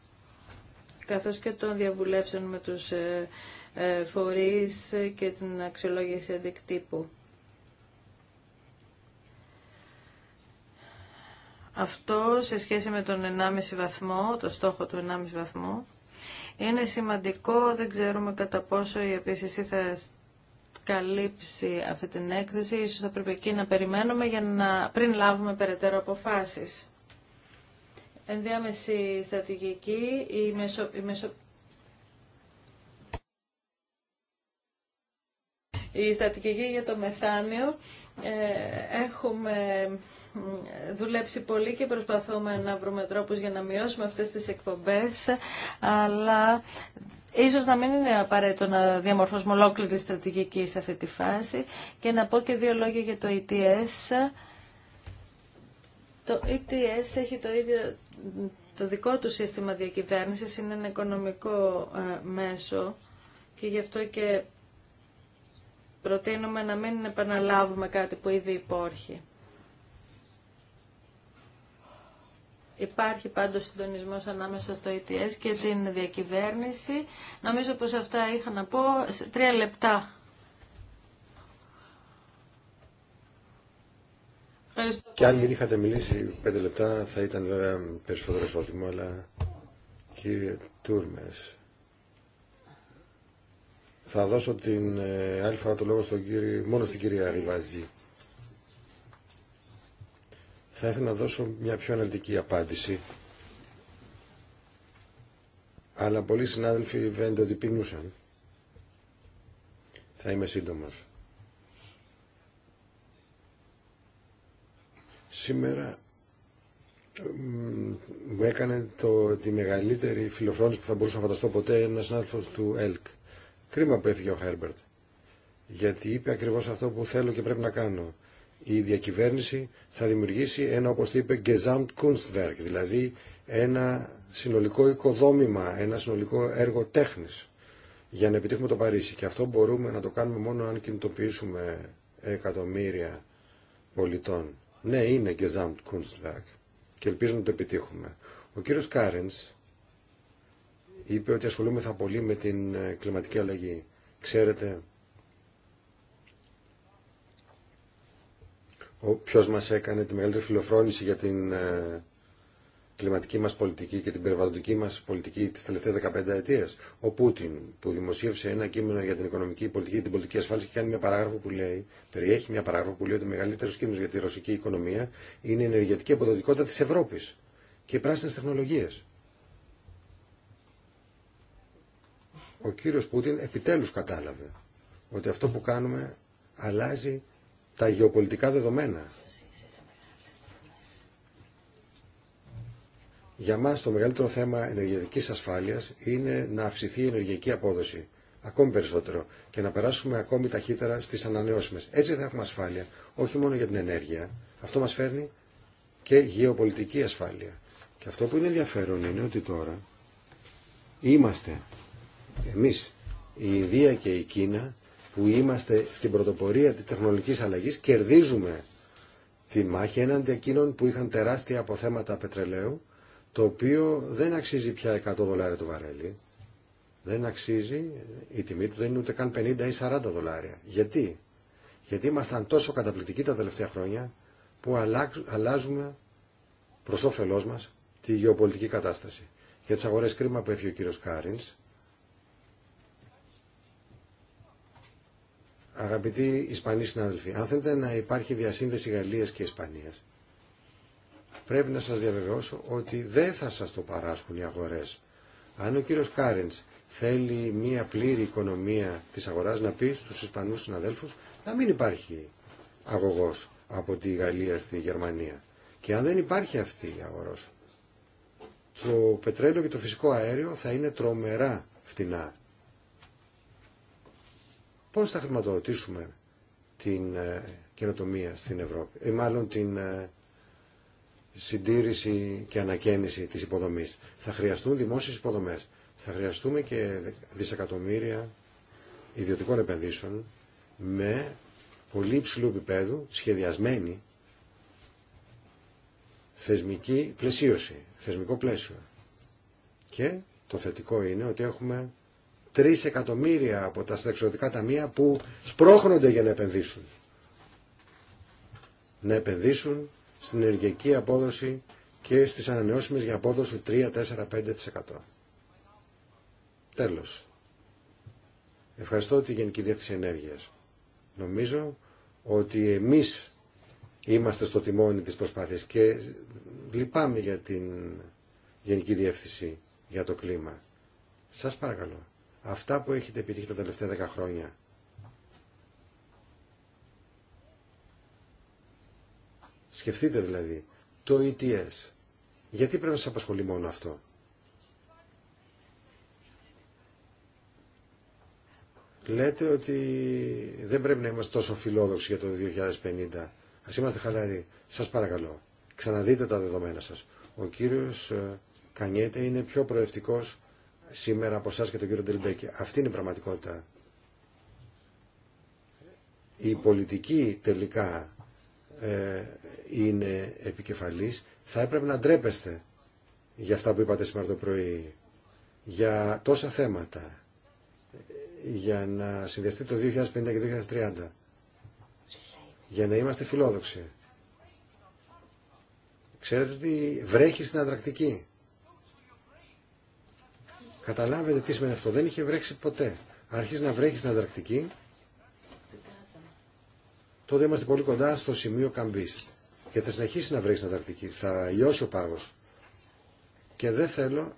καθώς και των διαβουλεύσεων με τους ε, ε, φορείς και την αξιολόγηση αντικτύπου. Αυτό σε σχέση με τον 1,5 βαθμό, το στόχο του 1,5 βαθμού, είναι σημαντικό, δεν ξέρουμε κατά πόσο η επίσης θα καλύψει αυτή την έκθεση. Ίσως θα πρέπει εκεί να περιμένουμε για να, πριν λάβουμε περαιτέρω αποφάσεις. Ενδιάμεση στρατηγική, η, μεσο, η μεσο Η στρατηγική για το μεθάνιο ε, έχουμε δουλέψει πολύ και προσπαθούμε να βρούμε τρόπους για να μειώσουμε αυτές τις εκπομπές, αλλά Ίσως να μην είναι απαραίτητο να διαμορφώσουμε ολόκληρη στρατηγική σε αυτή τη φάση και να πω και δύο λόγια για το ETS. Το ETS έχει το ίδιο το δικό του σύστημα διακυβέρνησης, είναι ένα οικονομικό ε, μέσο και γι' αυτό και προτείνουμε να μην επαναλάβουμε κάτι που ήδη υπόρχει. Υπάρχει πάντως συντονισμός ανάμεσα στο ETS και την διακυβέρνηση. Νομίζω πως αυτά είχα να πω τρία λεπτά. Και αν μην είχατε μιλήσει πέντε λεπτά θα ήταν βέβαια περισσότερο εισόδημα, αλλά κύριε Τούρμες, θα δώσω την ε, άλλη φορά το λόγο στον κύριο, μόνο στην κυρία Ριβαζή. Θα ήθελα να δώσω μια πιο αναλυτική απάντηση. Αλλά πολλοί συνάδελφοι βαίνεται ότι πεινούσαν. Θα είμαι σύντομος. Σήμερα μου έκανε το, τη μεγαλύτερη φιλοφρόνηση που θα μπορούσα να φανταστώ ποτέ ένας συνάδελφος του ΕΛΚ. Κρίμα που έφυγε ο Χέρμπερτ. Γιατί είπε ακριβώς αυτό που θέλω και πρέπει να κάνω. Η διακυβέρνηση θα δημιουργήσει ένα, όπως είπε, Gesamtkunstwerk, δηλαδή ένα συνολικό οικοδόμημα, ένα συνολικό έργο τέχνης για να επιτύχουμε το Παρίσι. Και αυτό μπορούμε να το κάνουμε μόνο αν κινητοποιήσουμε εκατομμύρια πολιτών. Ναι, είναι Gesamtkunstwerk και ελπίζω να το επιτύχουμε. Ο κύριος Κάρενς είπε ότι ασχολούμεθα πολύ με την ε, κλιματική αλλαγή. Ξέρετε ο, ποιος μας έκανε τη μεγαλύτερη φιλοφρόνηση για την ε, κλιματική μας πολιτική και την περιβαλλοντική μας πολιτική τις τελευταίες 15 ετίες. Ο Πούτιν που δημοσίευσε ένα κείμενο για την οικονομική πολιτική και την πολιτική ασφάλιση και κάνει μια παράγραφο που λέει, περιέχει μια παράγραφο που λέει ότι ο μεγαλύτερος κίνδυνος για τη ρωσική οικονομία είναι η ενεργειακή αποδοτικότητα της Ευρώπης και οι πράσινες τεχνολογίες. ο κύριος Πούτιν επιτέλους κατάλαβε ότι αυτό που κάνουμε αλλάζει τα γεωπολιτικά δεδομένα. Για μας το μεγαλύτερο θέμα ενεργειακής ασφάλειας είναι να αυξηθεί η ενεργειακή απόδοση ακόμη περισσότερο και να περάσουμε ακόμη ταχύτερα στις ανανεώσιμες. Έτσι θα έχουμε ασφάλεια, όχι μόνο για την ενέργεια. Αυτό μας φέρνει και γεωπολιτική ασφάλεια. Και αυτό που είναι ενδιαφέρον είναι ότι τώρα είμαστε εμείς, η Ινδία και η Κίνα, που είμαστε στην πρωτοπορία της τεχνολογικής αλλαγής, κερδίζουμε τη μάχη έναντι εκείνων που είχαν τεράστια αποθέματα πετρελαίου, το οποίο δεν αξίζει πια 100 δολάρια το βαρέλι. Δεν αξίζει, η τιμή του δεν είναι ούτε καν 50 ή 40 δολάρια. Γιατί? Γιατί ήμασταν τόσο καταπληκτικοί τα τελευταία χρόνια που αλλάζουμε προς όφελός μας τη γεωπολιτική κατάσταση. Για τις αγορές κρίμα που έφυγε ο κύριο Κάριν, Αγαπητοί Ισπανοί συνάδελφοι, αν θέλετε να υπάρχει διασύνδεση Γαλλίας και Ισπανίας, πρέπει να σας διαβεβαιώσω ότι δεν θα σας το παράσχουν οι αγορές. Αν ο κύριος Κάρενς θέλει μια πλήρη οικονομία της αγοράς να πει στους Ισπανούς συναδέλφους να μην υπάρχει αγωγός από τη Γαλλία στη Γερμανία. Και αν δεν υπάρχει αυτή η αγορός, το πετρέλαιο και το φυσικό αέριο θα είναι τρομερά φτηνά Πώς θα χρηματοδοτήσουμε την ε, καινοτομία στην Ευρώπη, ή μάλλον την ε, συντήρηση και ανακαίνιση της υποδομής. Θα χρειαστούν δημόσιες υποδομές. Θα χρειαστούμε και δισεκατομμύρια ιδιωτικών επενδύσεων με πολύ υψηλού επίπεδου σχεδιασμένη θεσμική πλαισίωση, θεσμικό πλαίσιο. Και το θετικό είναι ότι έχουμε 3 εκατομμύρια από τα συνταξιδοτικά ταμεία που σπρώχνονται για να επενδύσουν. Να επενδύσουν στην ενεργειακή απόδοση και στις ανανεώσιμες για απόδοση 3, 4, 5%. Τέλος. Ευχαριστώ τη Γενική Διεύθυνση Ενέργειας. Νομίζω ότι εμείς είμαστε στο τιμόνι της προσπάθειας και λυπάμαι για την Γενική Διεύθυνση για το κλίμα. Σας παρακαλώ αυτά που έχετε επιτύχει τα τελευταία δέκα χρόνια. Σκεφτείτε δηλαδή, το ETS, γιατί πρέπει να σας απασχολεί μόνο αυτό. Λέτε ότι δεν πρέπει να είμαστε τόσο φιλόδοξοι για το 2050. Ας είμαστε χαλαροί. Σας παρακαλώ, ξαναδείτε τα δεδομένα σας. Ο κύριος ε, Κανιέτε είναι πιο προευτικός σήμερα από εσά και τον κύριο Τελμπέκη. Αυτή είναι η πραγματικότητα. Η πολιτική τελικά ε, είναι επικεφαλής. Θα έπρεπε να ντρέπεστε για αυτά που είπατε σήμερα το πρωί, για τόσα θέματα, για να συνδυαστεί το 2050 και το 2030, για να είμαστε φιλόδοξοι. Ξέρετε ότι βρέχει στην Αντρακτική. Καταλάβετε τι σημαίνει αυτό. Δεν είχε βρέξει ποτέ. Αρχίζει να βρέχει στην Ανταρκτική, τότε είμαστε πολύ κοντά στο σημείο καμπή. Και θα συνεχίσει να βρέχει στην Ανταρκτική. Θα λιώσει ο πάγο. Και δεν θέλω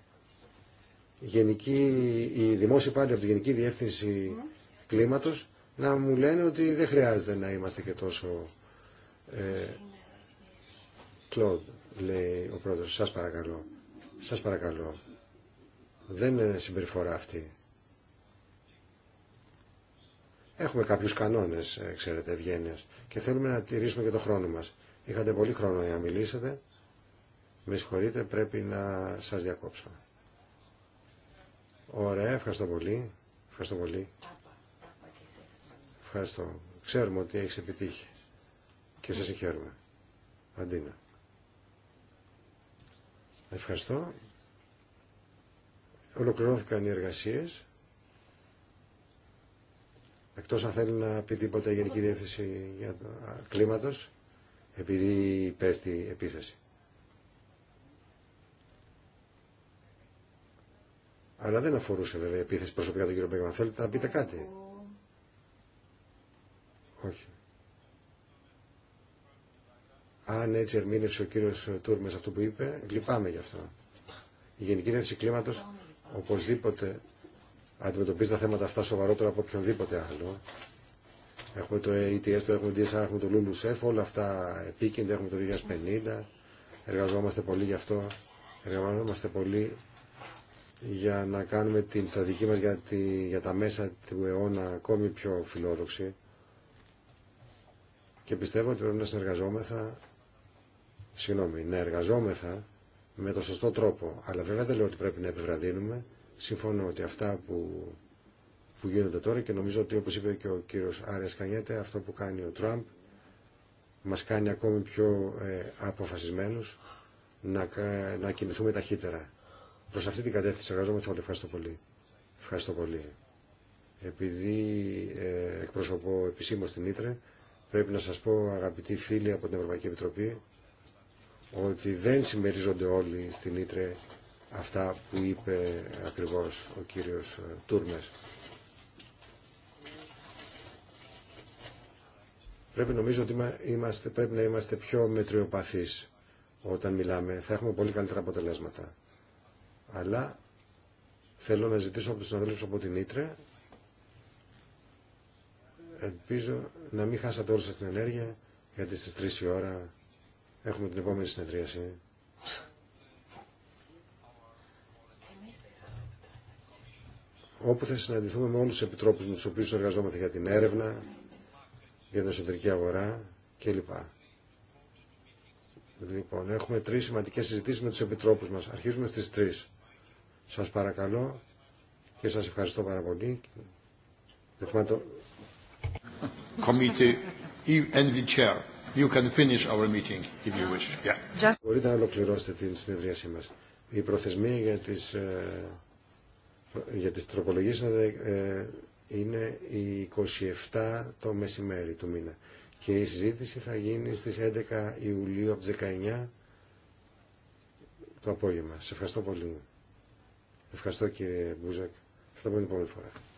γενική, οι δημόσιοι πάλι από τη Γενική Διεύθυνση Κλίματος να μου λένε ότι δεν χρειάζεται να είμαστε και τόσο ε, Κλοντ, λέει ο πρόεδρος, σας παρακαλώ. Σας παρακαλώ. Δεν είναι συμπεριφορά αυτή. Έχουμε κάποιους κανόνες, ε, ξέρετε, ευγένεια και θέλουμε να τηρήσουμε και το χρόνο μας. Είχατε πολύ χρόνο για να μιλήσετε. Με συγχωρείτε, πρέπει να σας διακόψω. Ωραία, ευχαριστώ πολύ. Ευχαριστώ πολύ. Ευχαριστώ. Ξέρουμε ότι έχεις επιτύχει. Και σε συγχαίρουμε. Αντίνα. Ευχαριστώ ολοκληρώθηκαν οι εργασίες. Εκτός αν θέλει να πει τίποτα η Γενική Διεύθυνση για το κλίματος, επειδή υπέστη επίθεση. Αλλά δεν αφορούσε βέβαια η επίθεση προσωπικά τον κύριο Μπέγκμαν. Θέλετε να πείτε κάτι. Όχι. Αν έτσι ερμήνευσε ο κύριο Τούρμες αυτό που είπε, λυπάμαι γι' αυτό. Η Γενική Διεύθυνση Κλίματος οπωσδήποτε αντιμετωπίζει τα θέματα αυτά σοβαρότερα από οποιονδήποτε άλλο. Έχουμε το ETS, ε το έχουμε DSR, έχουμε το LULUSF, όλα αυτά επίκεντρα, έχουμε το 2050. Εργαζόμαστε πολύ γι' αυτό. Εργαζόμαστε πολύ για να κάνουμε την στρατηγική μας για, για τα μέσα του αιώνα ακόμη πιο φιλόδοξη. Και πιστεύω ότι πρέπει να συνεργαζόμεθα, συγγνώμη, να εργαζόμεθα με το σωστό τρόπο. Αλλά βέβαια δεν λέω ότι πρέπει να επιβραδύνουμε. Συμφωνώ ότι αυτά που, που γίνονται τώρα και νομίζω ότι όπως είπε και ο κύριος Άρια Κανιέτε, αυτό που κάνει ο Τραμπ μας κάνει ακόμη πιο ε, αποφασισμένους να, να κινηθούμε ταχύτερα. Προς αυτή την κατεύθυνση εργαζόμαστε όλοι. Ευχαριστώ πολύ. Ευχαριστώ πολύ. Επειδή ε, εκπροσωπώ επισήμως την Ήτρε, πρέπει να σας πω αγαπητοί φίλοι από την Ευρωπαϊκή Επιτροπή ότι δεν συμμερίζονται όλοι στην Ήτρε αυτά που είπε ακριβώς ο κύριος ε, Τούρμες. Πρέπει νομίζω ότι είμαστε, πρέπει να είμαστε πιο μετριοπαθείς όταν μιλάμε. Θα έχουμε πολύ καλύτερα αποτελέσματα. Αλλά θέλω να ζητήσω από τους συναδέλφους από την Ήτρε ελπίζω να μην χάσατε όλη σας την ενέργεια γιατί στις 3 η ώρα Έχουμε την επόμενη συνεδρίαση. όπου θα συναντηθούμε με όλους του επιτρόπους με τους οποίους εργαζόμαστε για την έρευνα, για την εσωτερική αγορά κλπ. Λοιπόν, έχουμε τρεις σημαντικές συζητήσεις με τους επιτρόπους μας. Αρχίζουμε στις τρεις. Σας παρακαλώ και σας ευχαριστώ πάρα πολύ. Δεν θυμάμαι το... Committee e chair. You can finish our meeting Μπορείτε να ολοκληρώσετε την συνεδρίασή μας. Η προθεσμία για τις, ε, για τροπολογίες είναι ε, η 27 το μεσημέρι του μήνα. Και η συζήτηση θα γίνει στις 11 Ιουλίου από 19 το απόγευμα. Σε ευχαριστώ πολύ. Ευχαριστώ κύριε Μπούζακ. ευχαριστώ πολύ πολύ φορά.